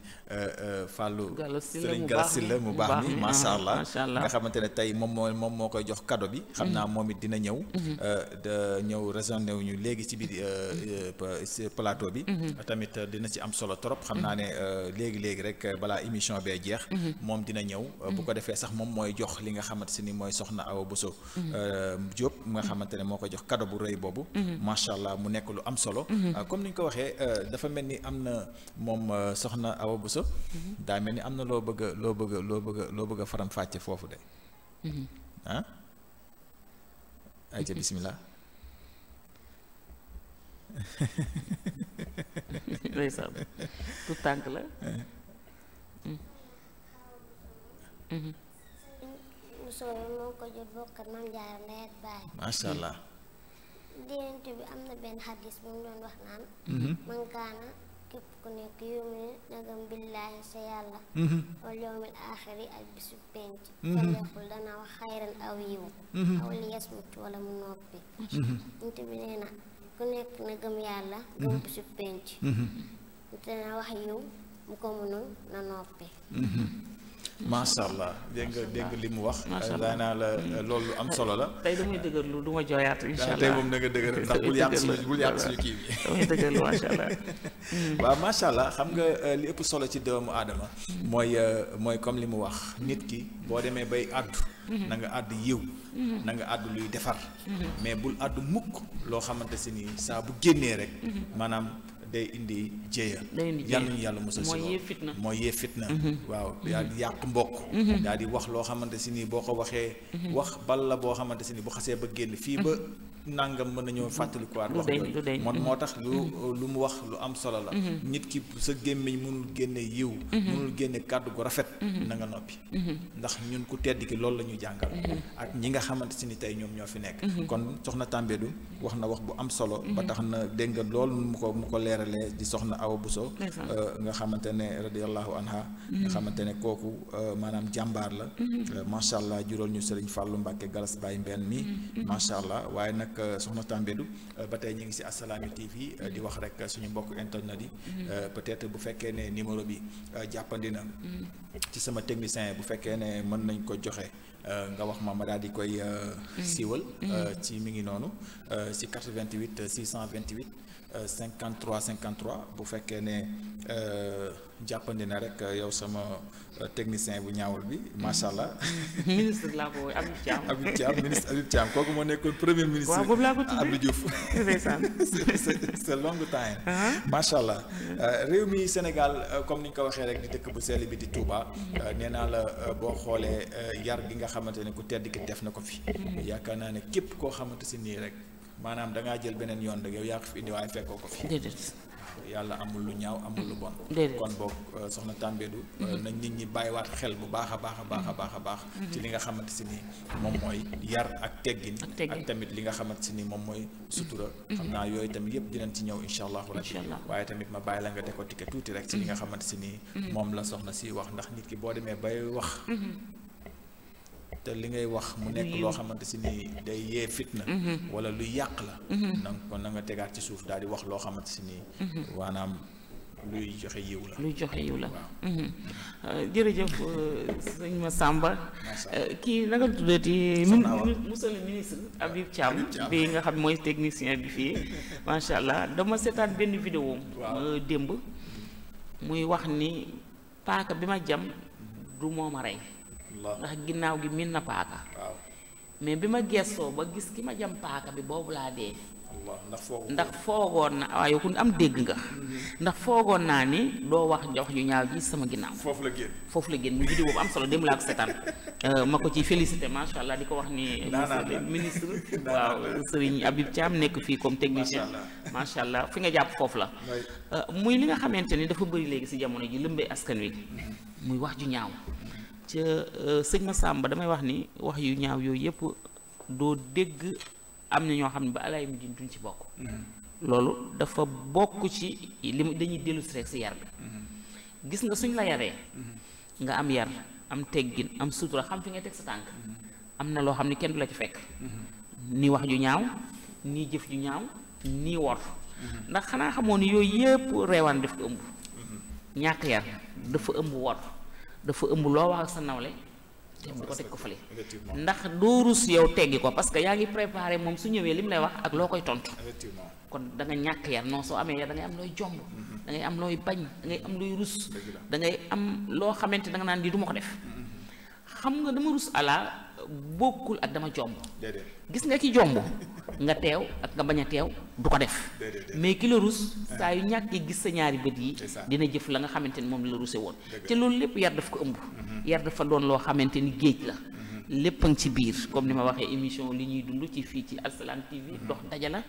Fallou. Serigne Gallas Sylla mu baax mi macha allah nga xamante ne tey moom moo moom moo koy jox cadeau bi. xam naa moom it dina ñëw. da ñëw raisonné wu ñu léegi ci biir. ci plateau bi. Mhm. tamit euh, dina si am solo trop xam naa ne mhm. euh, léegi léegi rek euh, balaa émission bee jeex. Mhm. moom dina ñëw bu ko defee sax moom mooy jox li nga si ni mooy soxna Awa Bousso Diop nga xamante ne moo ko jox kado bu rëy boobu. macha allah mu nekk lu am solo. comme ni ñu ko waxee dafa mel ni am na moom soxna Awa Bousso. daa mel ni am na loo bëgg loo bëgg loo bëgg loo bëgg a faram fàcce foofu de. ah. ayca bisimilah. ndeysaan du tànk la musóor moo ko jur bokk ak maam jaara ndey ak masha allah dénent bi am na benn xadis bu mu doon wax naan mhm. mankaana képp ku nekk yuumee nagam billaahi sa yàlla mhm. wal yawmil aaxiri ak bisu penc mhm. faleexul dana wax xayran aw yiw aw li yasmut wala mu noppi dénent bi nee ku nekk na gëm yàlla mhm. gëm bisu pénc mhm. te na wax yiw mu ko mënul na noppi mhm. macha allah dégg nga dégg li mu wax. macha allah daanaa la loolu am solo la. tey damay dëgërlu du ma jooyaat incha allah tey moom da nga dëgër ndax bul yàq suñu bul yàq suñu kii bi. damay hmm. waaw macha allah xam nga euh, li ëpp solo ci doomu aadama. mooy euh, mooy comme li mu wax nit ki boo demee bay àddu. Hmm. na nga àddu yiw. Hmm. na nga àddu luy defar. mais bul àddu mukk loo xamante si ni saa bu génnee rek. maanaam. day indi jéeya yàlla ñu yàlla musal si mooy yee fitna mm-hmm. waaw daal mm-hmm. di yàq mbokk daal mm-hmm. di wax loo xamante si nii boo ko waxee wax bal la boo xamante si nii bu xasee ba génn fii ba nangam mën nañoo fàttalikuwaat wax yooyu moom moo tax lu lu mu wax lu am solo la mhm. nit ki sa gémmiñ mënul génne yiw mhm. mënul génne kàddu gu rafet mhm. na nga noppi ndax ñun ku tedd ki loolu la jàngal ak ñi nga xamante si ni tey ñoom ñoo fi nekk kon soxna Tambédou wax na wax bu am solo ba tax na dégg nga mu ko mu ko di soxna Awa Bousso euh, nga xamante ne radiallahu anha nga xamante ne kooku euh, maanaam jàmbaar la euh, macha allah jural ñu Serigne Fallou Mbacke Galas Baye Mbène mi ak euh, soxna Tambédou euh, ba tey ñu ngi si Assalaamy TV euh, di wax rek suñu mbokk internet yi. Mm-hmm. peut-être bu fekkee ne numéro bi jàppandi na. Mm-hmm. ci sama technicien bu fekkee ne mën nañ ko joxe nga wax ma ma daal di koy. Mm-hmm. siiwal. ci mi ngi noonu si vingt 628. 53 euh, 53 bu fekkee ne euh, jàppandi na rek euh, yow sama technicien bu ñaawul bi macha allah. ministre laa ko Habib Thiam. Habib Thiam ministre Habib Thiam kooku moo nekkoon premier ministre. waaw boobu laa ko tudd Abdou Diouf. c'est long macha allah réew mi Sénégal comme ni ñu ko waxee rek di dëkk bu sell bi di Touba. nee naa la boo xoolee yar gi nga xamante ne ku tedd ki def na ko fi. Mm-hmm. yaakaar naa ne képp koo xamante si nii rek. maanaam da ngaa jël beneen yoon rek yow yaa ko fi indi waaye fekkoo ko fi. déedéet. yàlla amul lu ñaaw amul lu bon. kon boog euh, soxna Tambédou. Euh, mm-hmm. nañ nit ñi waat xel bu baax a baax a baax a baax a baax. Mm-hmm. ci li nga xamante si ni moom mooy yar ak teggin. ak tamit li nga xamante ni moom mooy sutura. Mm-hmm. xam naa yooyu tamit yëpp dinañ ci ñëw incha allah. incha allah waaye tamit ma bàyyi la nga décortiquer tuuti rek ci li nga xamante si ni. moom la soxna si wax ndax nit ki boo demee bay wax. te li ngay wax mu nekk loo xamante si ni day yee fitna. Mm-hmm. wala luy yàq la. Mm-hmm. na nga ko tegaat ci suuf daal di wax loo xamante si ni. Mm-hmm. waanaam luy joxe yiw la luy joxe yiw la. Euh, jërëjëf euh, sëñ Massamba. Euh, kii na nga tuddati. monsieur le ministre Habib Thiam. bi nga xam mooy technicien bi fii. macha allah dama seetaan benn vidéo ma démb. muy wax ni paaka bi ma jam du moo ma rey. ndax ginnaaw gi miin na paaka mais bi ma gestoo ba gis ki ma jam paaka bi boobu laa dee ndax foogoon na waaye ku am dégg nga mm-hmm. ndax foogoon naa ni doo wax jox ju ñaaw ji sama ginnaaw foofu la foofu la génn mu am solo dem laa euh, ma ko ci félicité macha allah di ko wax ni ministre waaw Serigne Habib Thiam nekk fii comme technicien macha allah fi nga jàpp foofu la euh, muy li nga xamante ni dafa bëri léegi si jamono ji lëmbee askan wi mm-hmm. muy wax ju ñaaw ca euh, sëñ Massamba damay wax ni wax yu ñaaw yooyu yëpp doo dégg am na ñoo xam ne ba alaay mu duñ ci bokk mm-hmm. loolu dafa bokk ci li dañuy dellusi rek si yar bi mm-hmm. gis nga suñ la yaree mm-hmm. nga am yar am teggin am sutura xam fi nga teg sa tànk am na loo xam ne kenn du la ci fekk ni wax yu ñaaw nii jëf yu ñaaw nii wor ndax xanaa xamoon yooyu yëpp reewaan daf ko ëmb ñàkk yar dafa ëmb wor dafa ëmb loo wax ak sa nawle te bu ko teg ko fële ndax doo rus yow teggi ko parce que yaa ngi préparé moom su ñëwee li mu lay wax ak loo koy tontu kon da nga ñàkk yar non soo amee yar da am looy jomb mhm. da am looy bañ da am looy rus da ngay am loo xamante da nga naan di du ma ko def mhm. xam nga dama rus ala bokkul ak dama jomb gis nga ci jomb nga teew ak nga bañ a teew du ko def mais ki la rus ah. saa yu ñàkkee gis sa ñaari bët yi dina jëf la nga xamante ni moom la ruse woon te loolu lépp yar daf ko ëmb mhm. yar dafa doon loo xamante ni géej la mhm. lépp a ngi ci biir comme ni ma waxee émission li ñuy dund ci fii ci Alsalam TV mhm. dox dajala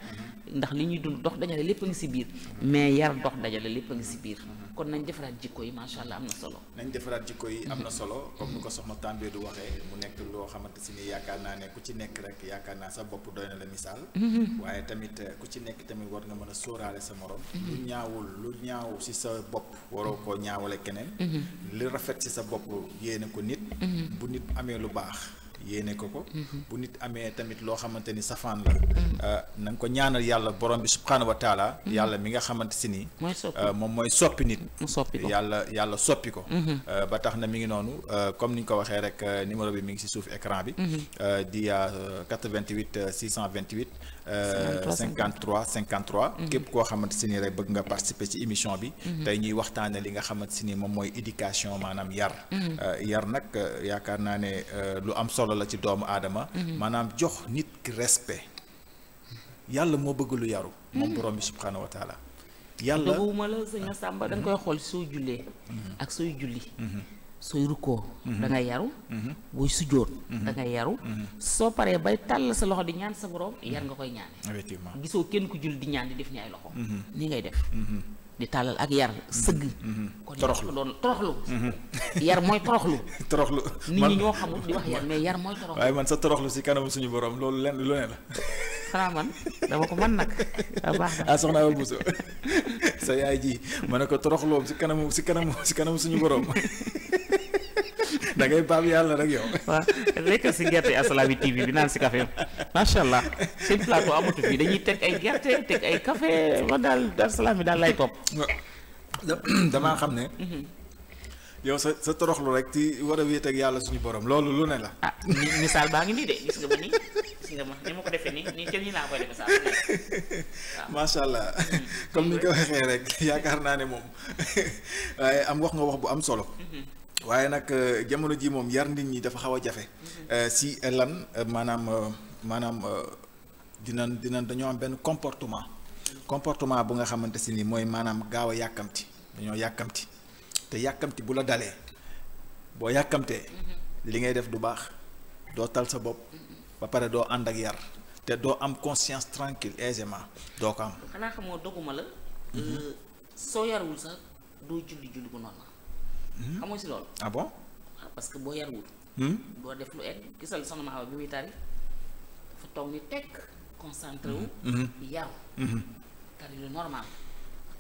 ndax li ñuy dund dox dajala lépp a ngi si biir mais yar dox dajala lépp a ngi si biir kon nañ defaraat jikko yi macha allah am na solo. nañ defaraat jikko yi am na solo comme ni ko soxna Tambie du waxee mu nekk loo xamante si ni yaakaar naa ne ku ci nekk rek yaakaar naa sa bopp doy na la misaal. waaye tamit eh, ku ci nekk tamit war nga mën a sóoraale sa morom. lu ñaawul lu ñaaw si sa bopp waroo koo ñaawale keneen. li rafet si sa bopp yéene ko nit. bu nit amee lu baax. yéene ko ko mhm. bu nit amee tamit loo xamante ni safaan la mhm. euh, na nga ko ñaanal yàlla borom bi subhaanahu wa taala mhm. yàlla mi nga xamante si ni euh, moom mooy soppi nit yàlla yàlla soppi ko euh, ba tax na mi ngi noonu comme ni ñu ko waxee rek numéro bi mi ngi si suuf écran bi di 88 628 53 53 euh, képp koo xamante si ni rek bëgg nga participer ci émission bi mhm. tey ñuy waxtaane li nga xamante si ni moom mooy éducation maanaam yar mhm. euh, yar nag euh, yaakaar naa ne lu am solo la ci doomu aadama mhm. maanaam jox nit ki respect yàlla moo bëgg lu yaru moom borom bi subhaanahu yàlla bëgguma la sëñ Samba da koy xool soo jullee ak sooy julli sooy rukkoo mhm. da ngay yaru mhm. booy sujjóot mhm. da ngay yaru soo paree bay tàll sa loxo di ñaan sa borom yar nga koy ñaane effectivement gisoo kenn ku jul di ñaan di def ñaay loxo nii ngay def di tàllal ak yar sëgg kon toroxlu doon toroxlu yar mooy toroxlu toroxlu nit ñi ñoo xamul di wax yar mais yar mooy toroxlu waaye man sa toroxlu si kanam suñu borom loolu lenn lu ne la xanaa man dama ko mën nag ah, baax na. ah soxna Awa Bousso sa yaay ji ma ne ko toroxloom si kanamu si kanamu si kanamu suñu borom. da ngay yàlla rek yow. waaw lekkal si gerte Assalaamy TV bi naan si café macha allah seen plateau teg ay gerte teg ay café man daal Assalaamy daal lay topp. damaa xam ne. Mhm. yow sa sa toroxlu rek ci war a wéet ak yàlla suñu borom loolu lu ne la. ah misaal baa ngi nii de gis nga ba nii. gis nga ma ni ma allah mm. comme ni nga ko rek mm-hmm. yaakaar naa ne moom waaye am wax nga wax bu am solo. Mm-hmm. waaye nag euh, jamono ji moom yar nit ñi dafa xaw a jafe. Mm-hmm. Euh, si euh, lan maanaam maanaam dina dina dañoo am benn comportement. comportement bu nga xamante si ni mooy maanaam gaaw a yàkkamti dañoo yàkkamti te yàkkamti bu la dalee boo yàkkamtee. li ngay def du baax doo tal sa bopp. ba pare doo ànd ak yar te doo am conscience tranquille aisément doo ko am. xanaa xamoo doguma la. Mhm. Euh, soo yarwul sax doo julli julli bu normal. Mhm. xamoo si loolu. ah bon. Ah, parce que boo yarwul. Hmm? doo def lu egg gisal soxna ma xaw bi muy tari dafa toog ni tekk concentré wu. Mhm. yaru. tari lu normal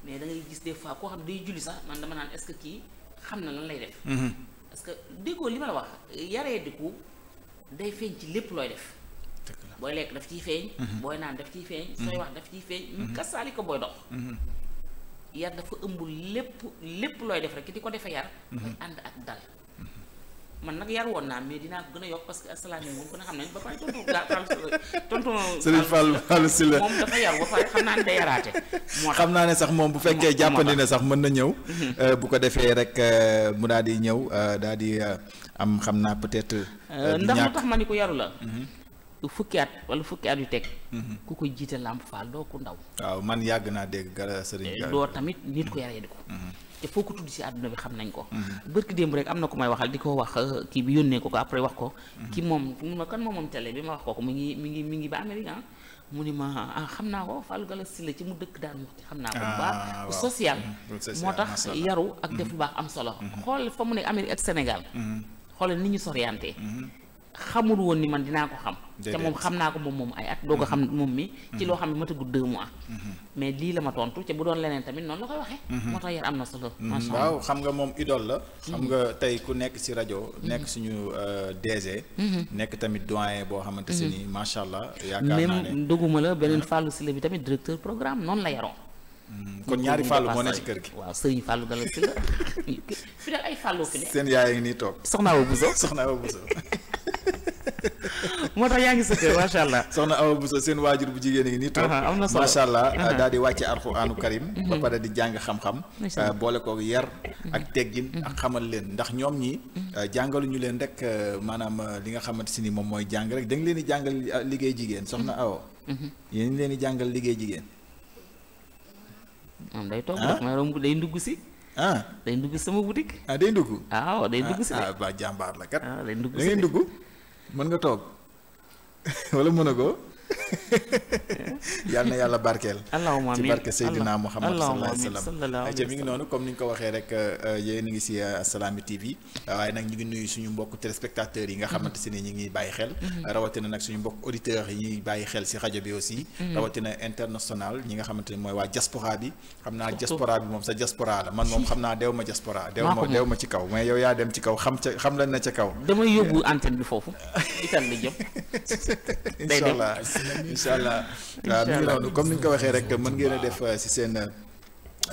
mais da gis des fois koo xam day julli sax man dama naan est-ce que kii xam na lan lay def. parce que li ma la wax yaree dëkku. day feeñ ci lépp looy def booy lekk daf ciy feeñ mhm. booy naan daf ciy feeñ mhm. sooy wax daf ciy feeñ ñu mhm. kasaali ko booy dox yar dafa ëmb lépp lépp looy def rek di ko defe yar mooy ànd ak dal man nag yar woon naa mais dinaa ko gën a yokk parce que asalaamaaleykum moom gën a xam nañ ba pare tonton gàttal tonton. Serigne Fallou Fallou Sylla moom dafa yar ba pare xam naa ne day xam naa ne sax moom bu fekkee jàppandi ne sax mën na ñëw. Euh, bu ko defee rek euh, mu daal di ñëw euh, daal di am xam naa peut-être. ndax lu tax ma ni ko yaru la. Mhm. fukki at wala fukki at yu teg. Mhm. ku ko jiite Lamp ndaw. man yàgg naa dégg gala Serigne. doo tamit nit ko yaree di ko. Mhm. te foo ko tudd si àdduna bi xam nañ ko. Mhm. bërki démb rek am na ku may waxal di ko wax euh, kii bi yónnee ko ko après wax ko. Mhm. ki moom ma kan moom moom télé bi ma wax ko ko mi ngi mi ngi mi ngi ba Amérique ah. mu ni ma ah, xam naa ko Fallou Galass Sylla ci mu dëkk daal mu xam naa ko bu ah, baax mhm, social moo tax yaru ak def lu baax am solo xool fa mu nekk Amérique ak Sénégal xoolal ni ñu soriante xamul woon ni man dinaa ko xam te moom xam naa ko moom moom ay at doo ko xam mm-hmm. moom mi ci loo xam ne matagul deux mois mm-hmm. mais lii la ma tontu te bu doon leneen tamit noonu la koy waxee mm-hmm. moo tax yar am na solo macha allah waaw xam nga moom idole la xam nga tey ku nekk si rajo nekk suñu euh, DG nekk tamit doyen boo xamante si ni macha allah yaakaar naa ne même doguma la beneen fàllu si la bi tamit directeur programme noonu la yaroo kon ñaari fàllu moo ne ci kër gi. waaw moo tax yaa ngi sëkk macha allah. soxna Awa Bousso seen waajur bu jigéen a nii toog. am na solo macha allah daal di wàcce alxuraanu karim. Mhm. ba di jàng xam-xam. Euh, boole ko yar mhm. ak teggin mhm. ak xamal leen ndax ñoom ñi euh, jàngaluñu leen rek euh, maanaam li nga xamante si ni moom mooy jàng rek da leen di jàngal liggéey jigéen soxna Awa. ngi leen di jàngal liggéey jigéen. moom day toog daf ah? may romb day ndugg si. ah day ndugg sama boutique. ah day ndugg. ah day ah, ndugg si ah, jàmbaar la kat. ah day ndugg dugg. mën nga toog wala mën a ko yal na yàlla barkeel. allahumma amiin ci barke Seydina Muhammad sallallahu alayhi wa sallam ayca mi ngi noonu comme ni nga ko waxee rek euh, euh, yéen a ngi si euh, Assalaamy TV waaye nag ñu ngi nuyu suñu mbokk téléspectateurs yi nga xamante ne ñu ngi bàyyi xel. Mm-hmm. rawatina nag suñu mbokk auditeurs yi bàyyi xel si rajo bi aussi. Mm-hmm. rawatina international ñi nga xamante ne mooy waa diaspora bi. xam naa diaspora bi moom sa diaspora la man moom xam naa deew ma diaspora. deew ma deew ma ci kaw mais yow yaa dem ci kaw xam ca xam lañ na ca kaw. damay yóbbu antenne bi foofu. itam la jëm. incha allah waaw mi ngi noonu comme ni ñu ko waxee rek mën ngeen a def euh, si seen euh,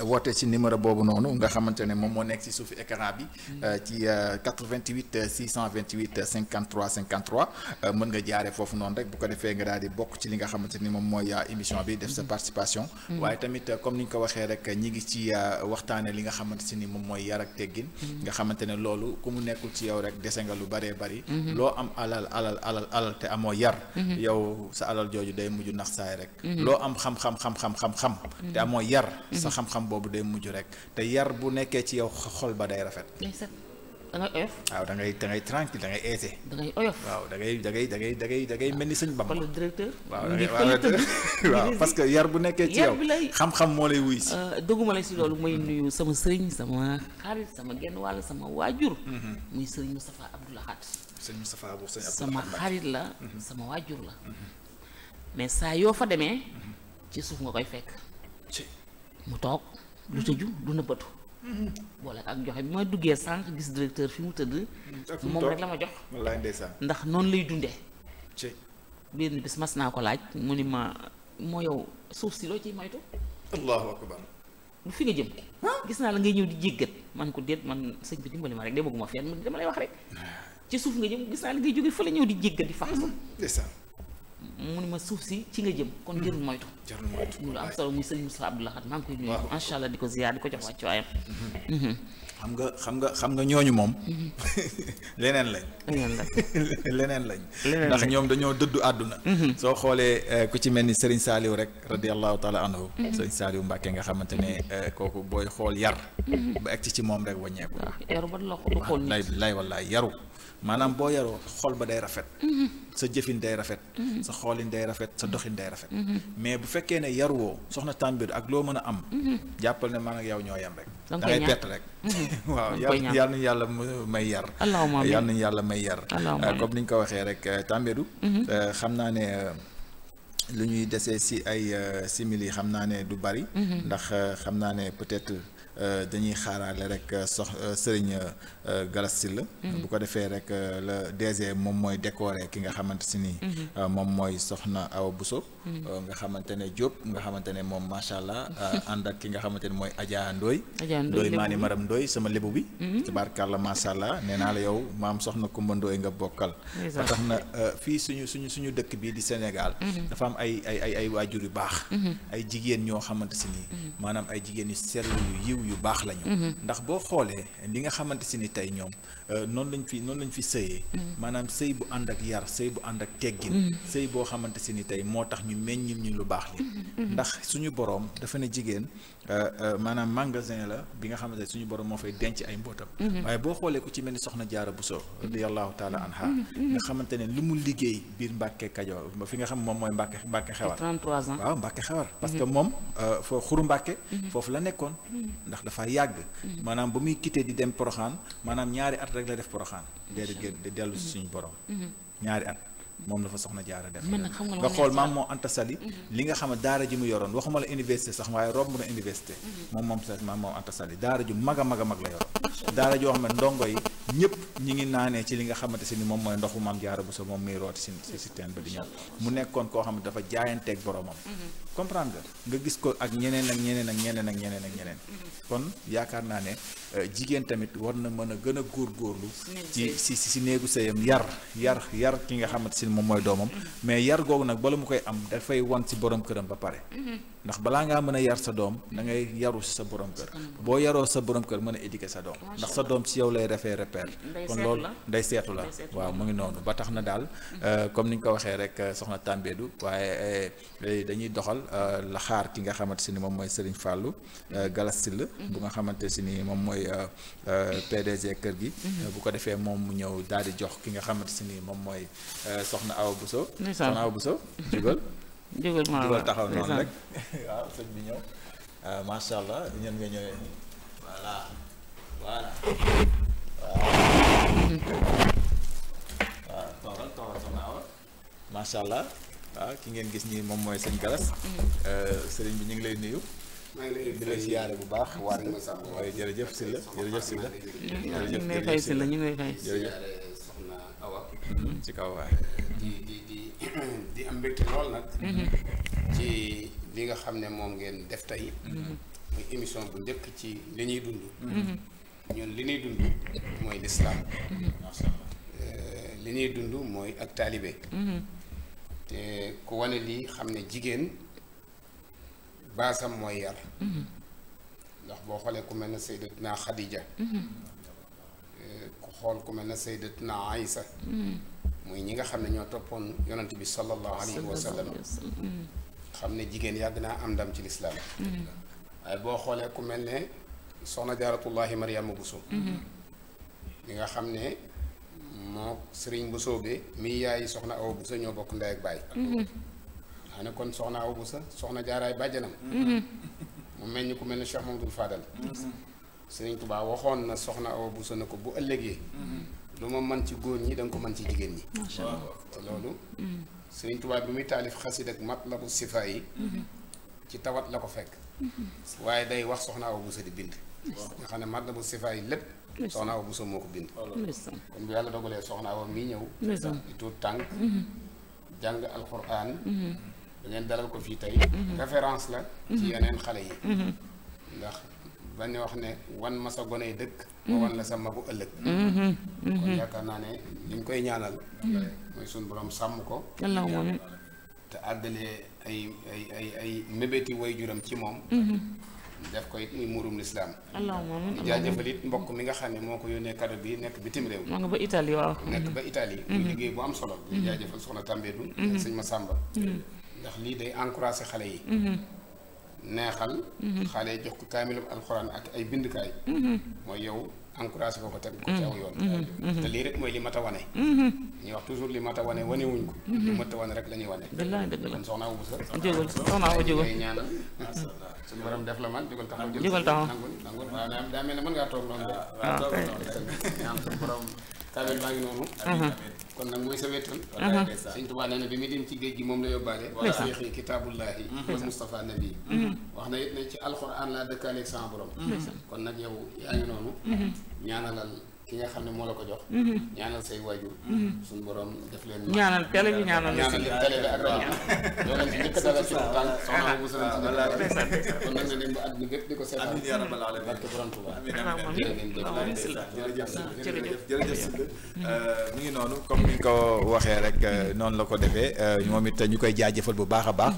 woote ci numéro boobu noonu nga xamante ne moom moo nekk ci suufu écran bi euh, ci 88 628 53 53 mën nga jaaree foofu noonu rek bu ko defee nga daal di bokk ci li nga xamante ni moom mooy euh, émission bi def sa mm-hmm. participation mm-hmm. waaye tamit euh, comme ni ñu ko waxee rek ñi ngi ci waxtaane li nga xamante si ni moom mooy yar ak teggin mm-hmm. nga xamante ne loolu ku mu nekkul ci yow rek dese nga lu bëree bëri loo am alal alal alal alal te amoo yar yow sa alal jooju day mujj nax saay rek loo am xam-xam xam-xam xam-xam te amoo yar sa xam-xam xam-xam boobu day mujj rek te yar bu nekkee ci yow xol ba day rafet. da oyof. waaw da ngay da ngay tranquille da ngay aisé. da oyof waaw da ngay dangay ngay da ngay da mel ni sëñ Bamba. wala directeur. waaw da parce que yar bu nekkee ci yow xam-xam moo lay wuy si. Euh, dëgguma la si loolu mooy nuyu sama sëriñ sama xarit sama genn wàll sama waajur. Mm-hmm. muy sëriñ Moustapha Abdoul Ahad. sëriñ Moustapha bu sëriñ Abdoul sama xarit la. Mm-hmm. sama waajur la. Mm-hmm. mais saa yoo fa demee. ci suuf nga koy fekk. mu toog du tëju du nëbbatu boole ak joxe bi ma duggee sànq gis directeur fi mu tëdd moom rek la ma jox wallaay ndeysaan ndax noonu lay dundee benn bis mas naa ko laaj mu ni ma moo yow suuf si loo ci moytu allahu akbar lu fi nga jëm gis naa la ngay ñëw di jéggat man ko déet man sëñ bi dimbali ma rek de bëgguma fenn dama lay wax rek ci suuf nga jëm gis naa la ngay jóge la ñëw di jéggat di faxas hmm. mu ne ma suuf si ci nga jëm kon jërul hmm. moytu mu lu am solo muy sëñ Moussa Abdou Lahad maa ngi koy nuyu macha ko ziyaar di ko jox wàccuwaayam hmm. Hmm. xam nga xam nga xam nga ñooñu moom leneen lañ leneen lañ ndax ñoom dañoo dëddu àdduna soo xoolee eh, ku ci mel ni Serigne saaliw rek radiallahu taala anhu Serigne Saliou Mbàkke nga xamante ne eh, kooku booy xool yar ba egg ci ci moom rek wàññeeku yaru ba la ko du xool lay wallaay yaru maanaam boo yaroo xol ba day rafet mm-hmm. sa jëfin day rafet mm-hmm. sa xoolin day rafet sa doxin day rafet mm-hmm. mais bu fekkee ne yaruwoo soxna tàmbir ak loo mën a am jàppal ne man ak yow ñoo yam rek da ngay pett rek waaw yàlla nañu yàlla may yar yàlla nañu yàlla ah, may yar comme ni ñu ko waxee rek eh, tàmbedu eh, xam naa ne eh, lu ñuy desee si ay simili xam naa ne du bari ndax xam naa ne peut-être dañuy xaaraale rek sox sëriñ Euh, Galas Sylla mhm. bu ko defee rek euh, le DG moom mooy décorer ki nga xamante si ni mhm. euh, moom mooy soxna Awa Bousso mhm. nga xamante ne Diop nga xamante ne moom macha allah ànd ki nga xamante ne mooy Adja Ndoy Ndoy maa ni maram Ndoy sama lébu bi la macha allah nee naa la yow maam soxna Kumba Ndoy nga bokkal ba tax na fii suñu suñu suñu dëkk bi di Sénégal dafa am ay ay ay waajur yu baax ay jigéen ñoo xamante si nii maanaam ay jigéen yu sell yu yiw yu baax lañu ndax boo xoolee li tey ñoom euh, noonu lañ fi noonu lañ fi sëyee mm. maanaam sëy bu ànd ak yar sëy bu ànd ak teggin mm. sëy boo xamante si ni tey moo tax ñu meññil lu baax li mm-hmm. Mm-hmm. ndax suñu boroom dafa ne jigéen Euh, euh, maanaam magasin la bi nga xamante ne suñu borom moo fay denc ay mbootam mhm. waaye boo xoolee ku ci mel ni soxna jaara Buso radiyallahu taala anha mhm. Mhm. nga xamante ne lu mu liggéey biir Mbàkke Kajoor fi nga xam moom mooy Mbàkke Mbàkke xewar 33 ans waaw Mbàkke parce que moom euh, foo xuru Mbàkke foofu la nekkoon ndax dafa yàgg maanaam ba muy quitté di dem Poroxaan maanaam ñaari at rek la def Poroxaan déedéet dellu si suñu borom ñaari at moom la fa soxna jaara def nga xool maam moo Anta Sali mhm. li nga xam daara ji mu yoroon waxuma la université sax waaye romb na université mhm. moom moom sa maam moom Anta Sali daara ju mag a mag a mag la yoroon daara joo xam ne ndongo yi ñëpp ñi ngi naanee ci li nga xamante si ni moom mooy ndoxu maam jaara bu sa moom muy rooti si si teen ba di ñëw mu nekkoon koo xam ne dafa jaayanteeg boromam mhm. comprendre nga gis ko ak ñeneen ak ñeneen ak ñeneen ak ñeneen ak ñeneen mhm. kon yaakaar naa ne euh, jigéen tamit war na mën a gën a góorgóorlu ci si si néegu sëyam yar yar yar ki nga xamante si moom mooy doomam mhm. mais yar googu nag bala mu koy am dafay wan si borom këram ba pare mhm. ndax balaa ngaa mën a yar sa doom da ngay yaru si sa borom kër boo yaroo sa boroom kër mën a éduquer sa doom ndax sa doom si yow lay refee repère kon loolu nday seetu la waaw mu ngi noonu ba tax na daal euh, comme ni ñu ko waxee rek euh, soxna du waaye euh, dañuy doxal la xaar ki nga xamante si ni moom mooy Serigne Fallou Galas bu nga xamante si ni moom mooy PDG kër gi mhm. bu ko defee moom mu ñëw daal di jox ki nga xamante si ni moom mooy soxna Awa Bousso soxna Awa Bousso jugal jógal ma jógal taxaw noonu rek waaw sëñ bi ñëw ah, macha allah ñan nga ñëwee voilà voilà waaw toogal allah ah, waaw ki ngeen gis nii moom mooy sëñ Galas mm-hmm. euh, sëriñ bi ñu ngi lay nuyu di la siyaare bu baax waat waaye jërëjëf si la jërëjëf si la ñu ngi lay fay si la ñu ngi lay fay soxna Awa ci kaw di am mbégte lool nag. ci li nga xam ne moom ngeen def tey. muy émission bu njëkk ci li ñuy dund. ñun li ñuy dund mooy lislaam. li ñuy dund mooy ak taalibe. te ku wane lii xam ne jigéen baasam mooy yar. ndax boo xoolee ku mel na Sayyidatuna Khadija. ku xool ku mel na Sayyidatuna Aïsa. muy ñi nga xam ne ñoo toppoon yonent bi sallallahu alayhi wa mm. xam ne jigéen yàgg naa am ndam ci lislaam mm. waaye boo xoolee ku mel ne soxna jaaratullahi mariama buso mm-hmm. mi nga xam ne moo sëriñ buso bi mi yaayi soxna awa buso ñoo bokk ndey ak baay mm-hmm. xam ne kon soxna awa buso soxna jaaraay bàjjanam mm-hmm. mu mel ni ku mel ne Cheikh Mamadou Fadal sëriñ Tuubaa waxoon na soxna awa buso na ko bu ëllëgee lu ma man ci góor ñi da ko man ci jigéen ñi loolu mm-hmm. sëriñ Tuubaa bi muy taalif xasid ak matlabu sifa yi mm-hmm. ci tawat la ko fekk mm-hmm. waaye day wax soxna Awa Bousso di bind nga xam ne matlabu sifa yi lépp soxna Awa Bousso moo ko bind kon bu yàlla dogalee soxna Awa mii ñëw di tuut tànk jàng alxuraan da ngeen dalal ko fii tey référence la ci yeneen xale yi ndax dañu wax ne wan ma sa goney dëkk mm-hmm. wan la sa magu ëllëg mm-hmm. kon mm-hmm. yaakaar naa ne ñu koy ñaanal mooy suñu borom sàmm ko te àggalee ay ay ay ay mébéti way juram ci moom def ko it muy muurum lislaam di jaajëfal it mbokk mi nga xam ne moo ko yónnee kado bi nekk bitim réew moo nga ba Italie waaw nekk ba Italie muy liggéey bu am solo di jaajëfal soxna Tambédou sëñ Massamba ndax lii day encouragé xale yi neexal. Mhm. xale yi jox ko kaamilam alxuraan ak ay bindukaay. Mhm. mooy yow encouragé ko ko teg ko ci aw mhm. yoon. te lii rek mooy li mat a wane. ñuy wax toujours li mat a wane wane wuñ ko. li mat wane rek la ñuy wane. dëgg la dëgg la kon soxna Awa Bousso. jógal soxna Awa borom def la man jógal taxaw jógal taxaw nangul nangul waaw daa mel ne mën ngaa toog noonu de. Ah, tabel baa ngi noonu mhm. kon nag mooy sa wettal mhm. sëñ Tuubaa nee na bi muy dem ci géej gi moom la yóbbaale waa seexi kitaabullaahi mhm. wal Mustafa nabi wax na it ne ci alxuraan laa dëkkaaleeg sama borom kon nag yow yaa ngi noonu ñaanalal ki nga xam ne moo la ko jox. ñaanal say waajur. suñu borom def leen. ñaanal télé bi ñaanal la si ñaanal télé bi ak rajo leen di njëkk a nga ko seetaan. amiin yaa mu ngi noonu comme ni ko waxee rek noonu la ko defee moom it ñu koy jaajëfal bu baax a baax.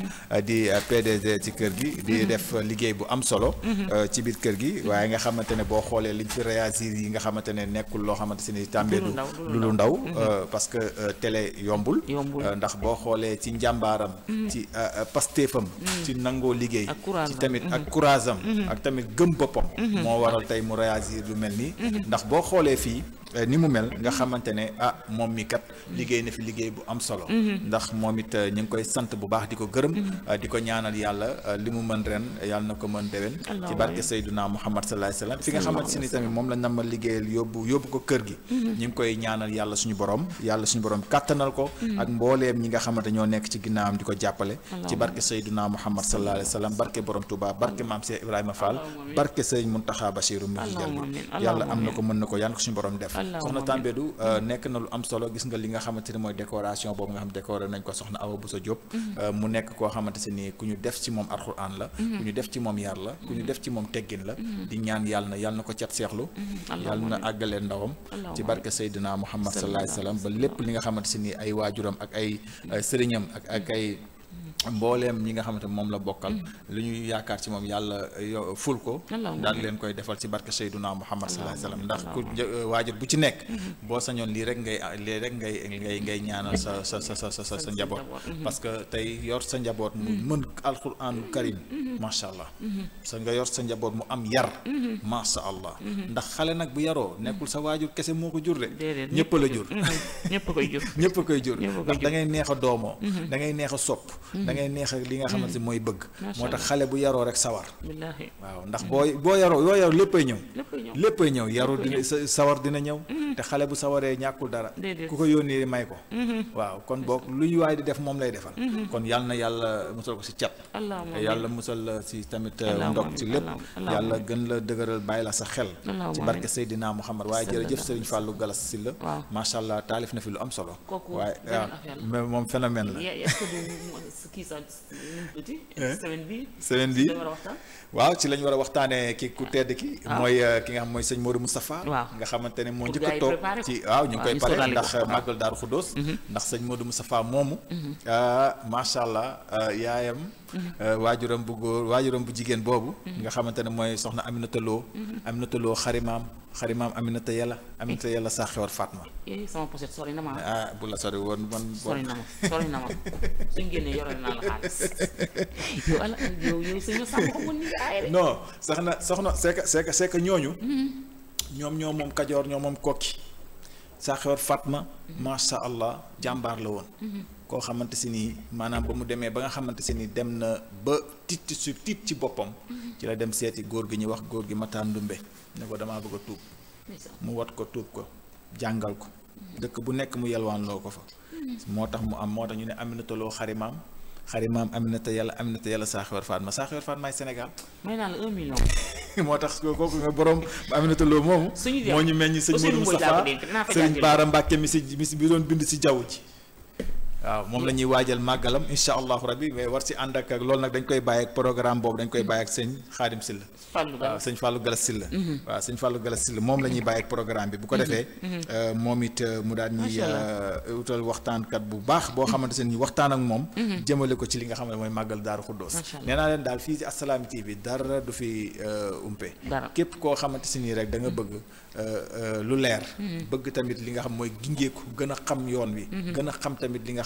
di PDG ci kër gi. di def liggéey bu am solo. ci biir kër gi waaye nga xamante boo xoolee liñ fi réagir yi nga xamante ne nekkul loo xamante si ni tàmbee du lu ndaw mhm. euh, parce que euh, télé yombul euh, ndax boo xoolee ci njàmbaaram mhm. ci pastéefam mhm. ci nangoo liggéey ci tamit ak courage am ak tamit gëm boppam moo waral tey mu réagir lu mel nii ndax boo xoolee fii Euh, ni mu mel nga xamante ne ah moom mi kat liggéey na fi liggéey bu am solo mhm. ndax moom it euh, ñu ngi koy sant bu baax di ko gërëm mhm. euh, di ko ñaanal yàlla li mu mën ren yàlla na ko mën déwén ci barke Seydina Muhammad sallallahu alayhi wasallam fi nga xamante si ni tamit moom la nama liggéeyal yóbbu yóbbu ko kër gi mhm. ñu ngi koy ñaanal yàlla suñu borom yàlla suñu borom kàttanal ko ak mbooleem ñi nga xamante ñoo nekk ci ginnaawam di ko jàppale ci barke Seydina Muhammad sallallahu alayhi wasallam barke borom Touba barke maam Cheikh Ibrahima Fall barke Sëriñ Muntaxa Basiru mu yàlla am na ko mën na ko yàlla ko suñu borom def soxna Tambédou euh, nekk na lu am solo gis nga li nga xamante ne mooy décoration boobu nga xam décoré nañ ko soxna Awa Bousso Diop mhm. euh, mu nekk koo xamante se ni ku ñu def ci moom alxuraan la mhm. ku ñu def ci moom yar la ku ñu mhm. def ci moom teggin la di ñaan yàlla na yàlla na ko cet seexlu yàlla na àggalee ndawam ci barke Seydina Muhammad sallallahu alayhi wa sallam ba lépp li nga xamante se ni ay waajuram ak ay sëriñam ak ay mbooleem ñi nga xam xamante moom la bokkal mm-hmm. li ñuy yaakaar ci moom yàlla eh, ful ko daal leen koy defal ci barke Seyduna Muhammad sallallahu alayhi wasallam ndax ku eh, waajur bu ci nekk mm-hmm. boo sañoon lii rek ngay lii rek ngay ngay ngay ñaanal sa sa sa sa sa sa njaboot mm-hmm. parce que tey yor sa njaboot mu mën alquranul karim macha allah sa nga yor sa njaboot mu am yar macha allah ndax xale nag bu yaroo nekkul sa waajur kese moo ko jur de ñëpp la jur ñëpp koy jur ñëpp koy ndax da ngay neex a doomoo sopp da ngay neex ak li nga xamante ni mm. mooy bëgg moo tax xale bu yaroo rek sawar waaw ndax boo boo yaroo yoo yaru léppay ñëw léppay ñëw yaru dina sawar dina ñëw mm-hmm. te xale bu sawaree ñàkkul dara ku ko yónnee may ko mm-hmm. waaw kon lu luy waay di def moom lay defal mm-hmm. kon yàlla na yàlla musal ko si cat yàlla musal la si tamit uh, ndog si lépp yàlla gën la dëgëral bàyyi la sa xel ci barke Seydina Muhammad waaye jërëjëf Serigne Fallou Galas si la macha allah taalif na fi lu am kii sax tuuti. semaine bi semaine waaw ci lañ war a waxtaanee ki ku ah. tedd ki. Ah. mooy eh, ki nga xam mooy sëñ Modou Moustapha. waaw nga xamante ne moo njëkk a toog ci waaw ñu ngi koy pare ndax màggal Daaru Khoudoss. Mm-hmm. ndax sëñ Modou Moustapha moomu. Mm-hmm. Ah, macha allah yaayam. Mm-hmm. waajuram bu góor waajuram bu jigéen boobu. nga xamante ne mooy soxna Aminata Lo. Aminata Lo xarimaam. xari maam Aminata yàlla te yàlla saa xewar Fatma. Eh, eh sama pochette sori na ma ah. bu la sori woon ma sori na ma suñ génnee yore naa la xaalis yow ala yow yow suñu sàmm xamul ni sax na sax na c'est que c'est ñooñu. Mm-hmm. ñoom ñoo moom Kajoor ñoo moom Kokki saa xewar Fatma. macha mm-hmm. allah jàmbaar la woon. Mm-hmm. koo xamante si nii maanaam ba mu demee ba nga xamante si ni dem na ba tiit su tiit ci boppam mm-hmm. ci la dem seeti góor gi ñu wax góor gi mataan Ndumbe ne ko damaa bëgg a tuub mu wat ko tuub ko jàngal ko mm-hmm. dëkk bu nekk mu yelwaan loo ko fa mm-hmm. moo tax mu am moo tax ñu ne Aminata Lo xarimaam xarimaam Aminata yàlla Aminata yàlla Saaxewar Fatma Saaxewar Fatma maay Sénégal may naa la un million moo tax kooku nga borom Aminata Lo moomu moo ñu meññ sëñ Modou Moustapha sëñ Baara Mbàkke mi si mi si bi doon bind si waaw moom la ñuy waajal màggalam incha allahu rabbi mais war si ànd ak ak loolu nag dañ koy bàyyi ak programme boobu dañ koy bàyyi ak sëñ xaadim silla waaw sëñ Fallou Galas Silla mhm. waaw sëñ Fallou Galas Silla moom la ñuy bàyyi ak programme bi bu ko mhm. defee mhm. Euh, moom it euh, mu daan ñuy euh, utal waxtaankat bu baax boo xamante seen ñu waxtaan ak moom jëmale ko ci li nga xam ne mooy màggal Daaru Xuddoos nee naa leen daal fii ci Assalaamy TV dara du fi umpe képp koo xamante si nii rek da nga bëgg lu leer li nga xam mooy gingeeku gën a xam yoon wi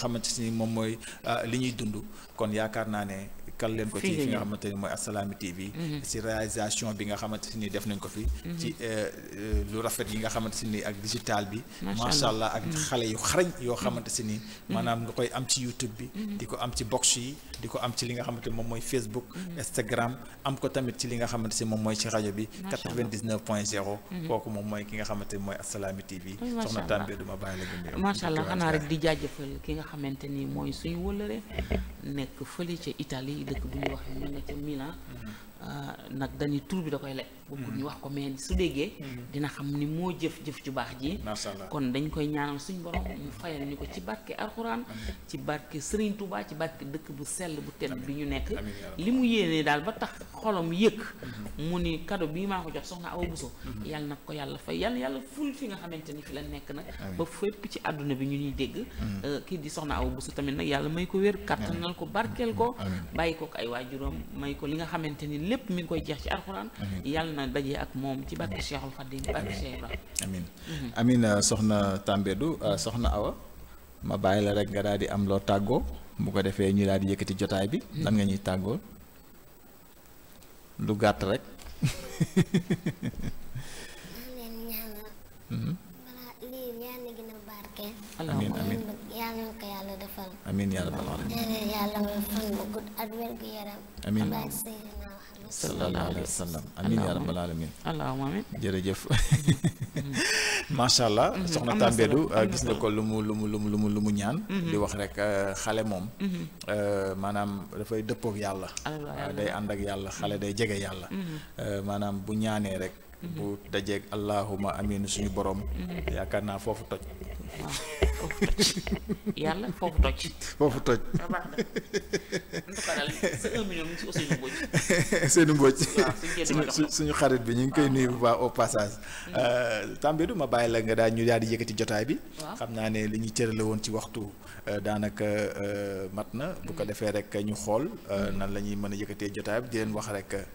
xamante ni moom mooy ah, li ñuy dund kon yaakaar naa ne kal leen ko ci fi nga xamante ni mooy Assalaamy TV mm-hmm. ci réalisation bi nga xamante ni def nañ ko fi mm-hmm. ci euh, euh, lu rafet yi nga xamante ni ak digital bi macha allah ak mm-hmm. xale yu xarañ yoo xamante si ni maanaam nga am ci YouTube bi di ko am ci box yi ko ci li nga xamante moom mooy Facebook Instagram am ko tamit ci li nga xamante si moom mooy ci rajo bi 99 point 0 kooku moom mooy ki nga xamante ni mooy Assalaamy TV soxna Tàmbe duma bàyyi la gën macha allah xanaa rek di jaajëfal ki nga xamante ni mooy suñ wëlëre nekk fële ci Italie dëkk bu ñuy wax nga ca Milan Euh, nag dañuy tur bi da koy lekk bokkul mm. ñu wax ko mais su déggee mm. dina xam ni moo jëf jëf ju baax ji kon dañ koy ñaanal suñ borom mu fayal ñu ko ci barke alxuraan ci barke Serigne Touba ci barke dëkk bu sell bu tedd bi ñu nekk li mu yéenee daal ba tax xolom yëkk mm-hmm. mu ni kado bii maa ko jox soxna aw buso mm-hmm. yàlla na ko yàlla fay yàlla yàlla ful fi nga xamante ni fi la nekk nag ba fépp ci àdduna bi ñu ñuy dégg mm-hmm. euh, kii di soxna aw Bousso tamit nag yàlla may ko wér kattanal ko barkeel ko bàyyi ko ay waajuram may ko li nga xamante lépp mi ngi koy jeex ci alxuraan. yàlla na daje ak moom ci barke Cheikhul Khadim barke Cheikh Ibrahima. amiin mhm. amiin euh, soxna Tambédou euh, soxna Awa ma bàyyi la rek nga daal di am loo tàggoo bu ko defee ñu daal di yëkkati jotaay bi. lan mhm. nga ñuy tàggoo lu gàtt rek. Mhm. sallallahu alayhi wa sallam macha allah soxna Tambédou gis nga ko lu mu lu mu lu mu lu mu ñaan mm-hmm. di wax rek euh, xale moom mm-hmm. euh, maanaam dafay dëppook yàlla day ànd ak yàlla xale day jege yàlla mm-hmm. euh, maanaam bu ñaanee rek bu dajeeg allahuma amin suñu borom yaakaar naa foofu toj foofu toj yàlla foofu toj. foofu toj. waaw baax suñu xarit bi ñu ngi koy ah. nuyu bu baax au passage. Mm. Euh, Tambidou ma bàyyi la nga daal ñu daal di yëkkati jotaay bi. xam naa ne li ñu cërale woon ci waxtu euh, daanaka euh, mat na. bu ko mm. defee rek ñu xool mm. nan la ñuy mën a yëkkatee jotaay bi di leen wax rek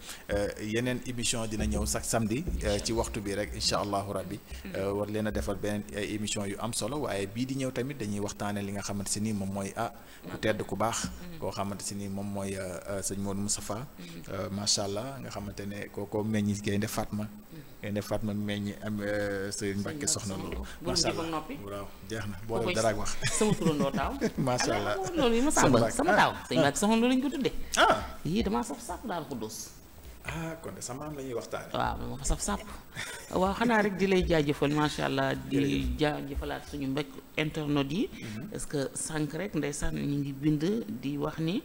yeneen émission dina ñëw sax samedi ci waxtu bi rek incha allahu rabbi war leen a beneen émission yu am solo waaye bii di ñëw tamit dañuy waxtaanee li nga xamante si nii moom mooy ah ku tedd ku baax koo xamante si nii moom mooy euh, euh, sëñ Modou Moustapha euh, macha allah nga xamante ne kooko meññi gaynde Fatma gaynde Fatma meññi am sëñ Mbàkke soxna loolu macha na boole dara wax sama turandoo macha allah loolu yi ma sàmbal sama taaw ah. sëñ Mbàkke soxna loolu lañ ko tuddee ah damaa saf saf daal ko dos ah kon de sama am waaw moom ko saf sàpp waaw xanaa rek di lay jaajëfal macha allah di jëfalaat suñu mbokk internet yi. Mm-hmm. parce que sànq rek ndeysaan ñu ngi bind di wax ni.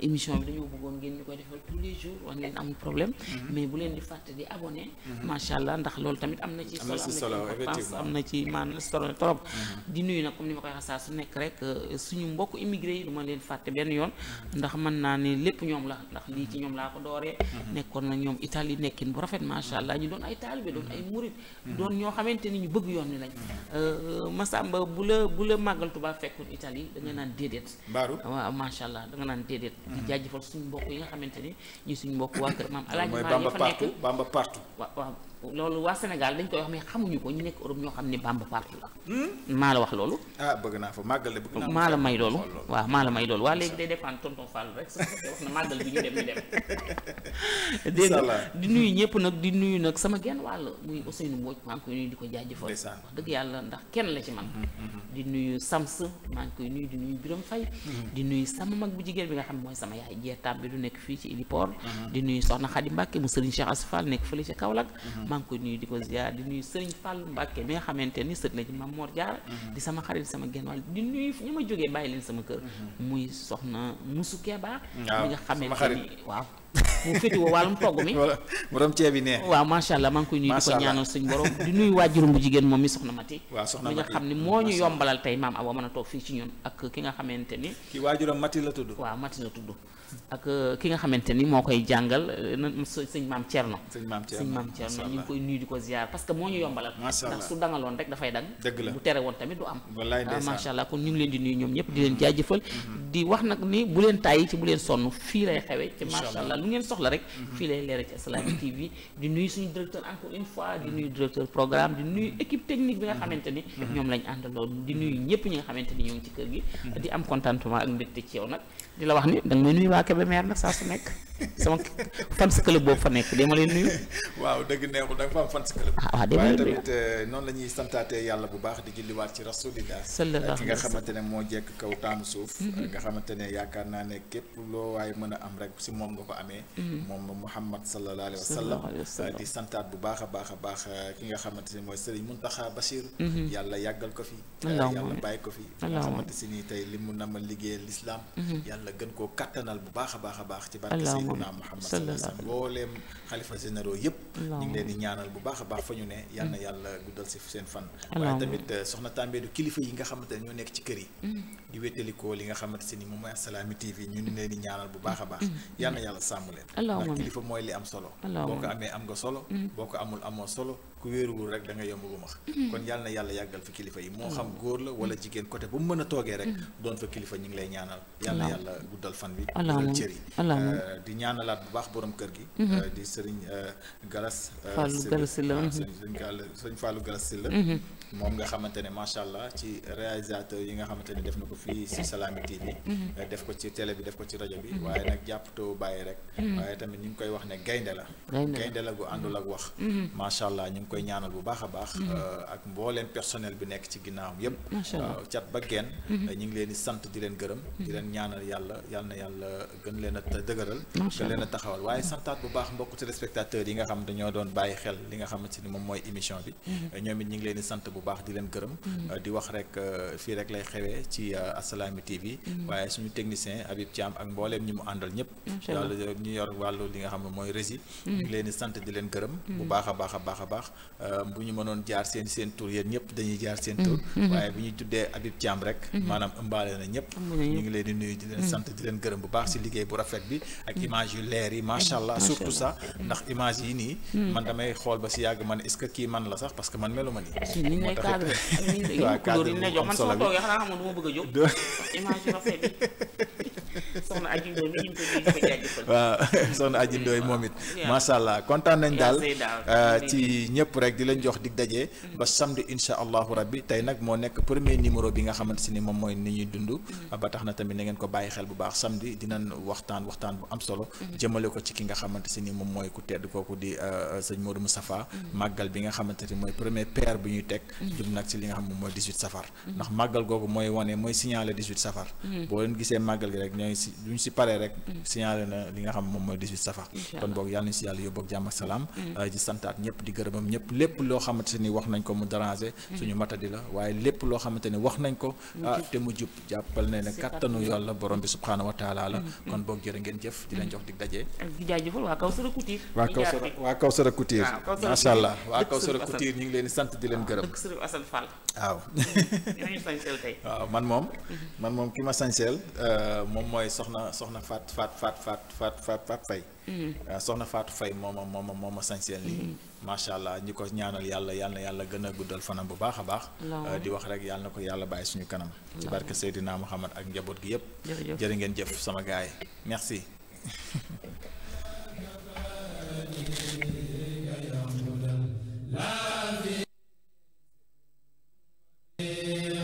émission bi dañoo bëggoon ngeen ñu koy defal tous les jours wax ngeen amul problème mhm. mais bu leen di fàtte di abonné mhm. macha ndax loolu tamit am na ci solo am na ci maanaam solo trop mhm. di nuyu nag comme ni ma koy waxee saa su nekk rek euh, suñu mbokk immigré yi du leen fàtte benn yoon ndax mën naa ne lépp ñoom la ndax lii ci ñoom laa ko dooree nekkoon na ñoom Italie nekkin bu rafet macha allah ñu doon ay taalibe doon ay murit doon ñoo xamante ni ñu bëgg yoon ni lañ euh, Masamba bu la bu la màggal Tuubaa fekkoon Italie da naan déedéet waaw macha allah da nga naan déedéet di jaajëfal suñu mbokk yi nga xamante ni ñu suñu mbokk waa kër maam alaaji maa yi fa nekk bamba partout waaw waaw loolu waa Sénégal dañ koy wax mais xamuñu ko ñu nekk Europe ñoo xam ni Bamba partout la. Hmm? maa la wax loolu. ah bëgg naa fa màggal maa la may loolu. waaw maa la may loolu waa léegi day dépendre tonton Fall rek sax wax na màggal bi ñu dem dem. di nuyu ñëpp nag di nuyu nag sama genn wàll muy Ousseynou Mbodj maa ngi koy nuyu di ko jaajëfal. wax dëgg yàlla ndax kenn la ci man. Hmm, hmm, di nuyu Sams maa ngi koy nuyu di nuyu Birame Faye. di nuyu sama mag bu jigéen bi nga xam mooy sama yaay jeetaam du nekk fii ci Ilipor. di nuyu nekk fële ca Kaolack maa ngi nuyu di ko ziar di nuyu sëriñ Fallou Mbacke mi nga xamante ni sët la ci Mame Mor Diarra mhm. di sama xarit sama genn wàll di nuyu ñu ma jógee bàyyi leen sama kër mhm. muy soxna Moussou Keba mi nga xamante ni waaw mu féetewoo wàllum togg mi. borom ceeb yi neex. waaw macha allah maa koy nuyu di ko ñaanal suñu borom di nuyu waajurum bu jigéen moom mi soxna Mati. soxna Mati mi maam Awa mën a toog fii ci ñun ak ki nga xamante ni. ki waajuram euh, ni moo koy jàngal euh, sëñ maam Thierno. sëñ maam Thierno sëñ maam Thierno ñu ngi koy nuyu di ko ziar parce moo ñu yombalal. macha allah ndax su dangaloon rek dafay dang. bu tere woon tamit du am. wallaay ah, allah kon ñu leen di nuyu ñoom ñëpp di leen mm-hmm. jaajëfal. Mm-hmm. di wax nag ni bu leen tàyyi ci bu leen sonn fii lay xewee. ci macha allah lu ngeen soxla rek mhm. fii lay leeral ci Assalaamy TV di nuyu suñu directeur encore une di nuyu directeur programme di nuyu équipe technique bi nga mhm. xamante ni mhm. ñoom lañ àndaloon di nuyu ñëpp ñi nga ni ñoo ngi ci kër gi di am contentement ak mbégte la wax ni da nga may nuyu waa Kébémer nag saa su nekk sama fans club boobu fa nekk dama lay nuyu waaw dëgg neexul da nga fa am fans club ah, waaw waaye tamit eh, noonu la ñuy santaate yàlla bu baax di julliwaat ci rasulillah eh, ki nga xamante ne moo jekk kaw taamu suuf nga xamante ne yaakaar naa ne képp loo waaye mën a am rek si moom nga ko amee Mm-hmm. moom Mouhamad sallallahu alayhi wa sallam di santaat bu baax a baax a baax eh, ki nga xamante ne mooy Serigne Mountakha Bachir mm-hmm. yàlla yàggal ko fi eh, yàlla bàyyi ko fi nga xamante si ni tey li mu namal liggéeyal lislaam mm-hmm. yàlla gën koo kattanal bu baax a baax a baax ci barke Seydina Mouhamad sallallahu alayhi wa sallam mbooleem xalifa généraux yëpp ñu ngi leen di ñaanal bu a baax fa ñu ne yàlla na yàlla guddal si seen fan waaye tamit eh, soxna Tambédou kilifa yi nga xamante ne ñoo nekk ci kër yi di wéttalikoo li nga xamante si ni moom mooy Assalaamy TV ñu ngi leen ñaanal bu baax a baax yàlla yàlla sàmm leen leen. ndax kilifa mooy li am solo. boo ko amee am nga solo. Mm. boo ko amul amoo solo. ku wéeruwul rek da nga yombagu max mm-hmm. kon yàlla na yàlla yàggal fa kilifa yi moo mm-hmm. xam góor la wala mm-hmm. jigéen côté bu mu mën a toogee rek doon fa kilifa ñu ngi lay ñaanal yàlla yàlla guddal fan bi guddal cër yi euh, di ñaanalaat bu baax borom kër gi euh, di sëriñ euh, galas ah, sëriñ Fallou galas Sylla moom nga xamante ne macha allah ci réalisateur yi nga xamante ne def na ko fii si Salami TV def ko ci télé bi def ko ci rajo bi waaye nag jàppatoo bàyyi rek waaye tamit ñu ngi koy wax ne gaynde la gaynde la gu àndul koy ñaanal bu baax a baax. Mm-hmm. Euh, ak mbooleem personnel bi nekk ci ginnaawam yépp euh, cat ba geen mm-hmm. euh, ñu ngi leen di sant di leen gërëm. di mm-hmm. leen ñaanal yàlla yal na yàlla gën leen a dëgëral. gën leen a taxawal waaye santaat bu baax mbokk téléspectateurs yi nga xam dañoo doon bàyyi xel li nga xamante ni moom mooy émission bi. ñoom it ñu ngi leen di sant bu baax di leen gërëm. di wax rek fii rek lay xewee ci Assalaamy TV. waaye suñu technicien Habib Thiam ak mbooleem ñi mu àndal ñëpp. ñu yor wàllu li nga xam ne mooy régie. ñu leen sant di leen gërëm bu a baax a baax a baax Euh, bu ñu mënoon jaar seen seen tur yéen ñëpp dañuy jaar seen tur mm-hmm, mm-hmm. waaye bu ñuy tuddee Habib Thiam rek mm-hmm. maanaam ëmbaale na ñëpp ñu ngi leen di nuyu di leen sant di leen gërëm bu baax si liggéey bu rafet bi ak image yu leer yi macha allah surtout ça ndax image yi nii man damay xool ba si yàgg man est-ce que kii man la sax parce que man melu ma nii moo tax waaw cadre bi man sama toogee xanaa xam du ma bëgg a jóg image yu rafet bi soxna Adji Ndoye ñu waaw soxna Adji moom it. macha allah kontaan nañ daal euh, ci ñëpp rek di leen jox dig daje. Mm-hmm. ba samedi incha allahu rabbi tey nag moo nekk premier numéro bi nga xamante ni moom mooy ni ñuy dund. Mm-hmm. ba tax na tamit na ngeen ko bàyyi xel bu baax samedi dinañ waxtaan waxtaan bu am solo. Mm-hmm. jëmale ko ci ki nga xamante si ni moom mooy ku tedd kooku di euh, euh, sëñ Modou Moustapha. màggal bi nga xamante ni mooy premier paire bi ñuy teg. jëm nag ci li nga xam moom mooy 18 safar. ndax màggal googu mooy wane mooy signaler 18 safar. boo leen gisee màggal gi rek ñooy si duñ si paree rek mm. signalé na li nga xam moom mooy 18 safar kon boog yàlla na si yàlla yóbbu ak jàmm salaam mm. Mm. Euh, di santaat ñëpp di gërëmam ñëpp lépp loo xamante ni wax nañ ko mu déranger suñu matadi la waaye lépp loo xamante ni wax nañ ko ah te mu jub jàppal na ne kattanu yàlla borom bi subhaanahu wa taala la kon boog a ngeen jëf di leen jox dig dajee di jaajëfal waa Kawsara Couture waa Kawsara waa Kawsara Couture macha allah waa Kawsara Couture ñu ngi leen sant di leen gërëm waaw man moom mm-hmm. man soxna soxna Fat Fat Fat Fat Fat Fat Fat Faye mm. euh, soxna Fatou Faye moom a moom a moom a sañseel lii mm-hmm. macha allah ñi ko ñaanal yàlla yal na yàlla gën a guddal fanam bu baax a baax euh, di wax rek yal na ko yàlla bàyyi suñu kanam ci barke Seydina Muhammad ak njaboot gi yépp jërë ngeen jëf sama gaay merci La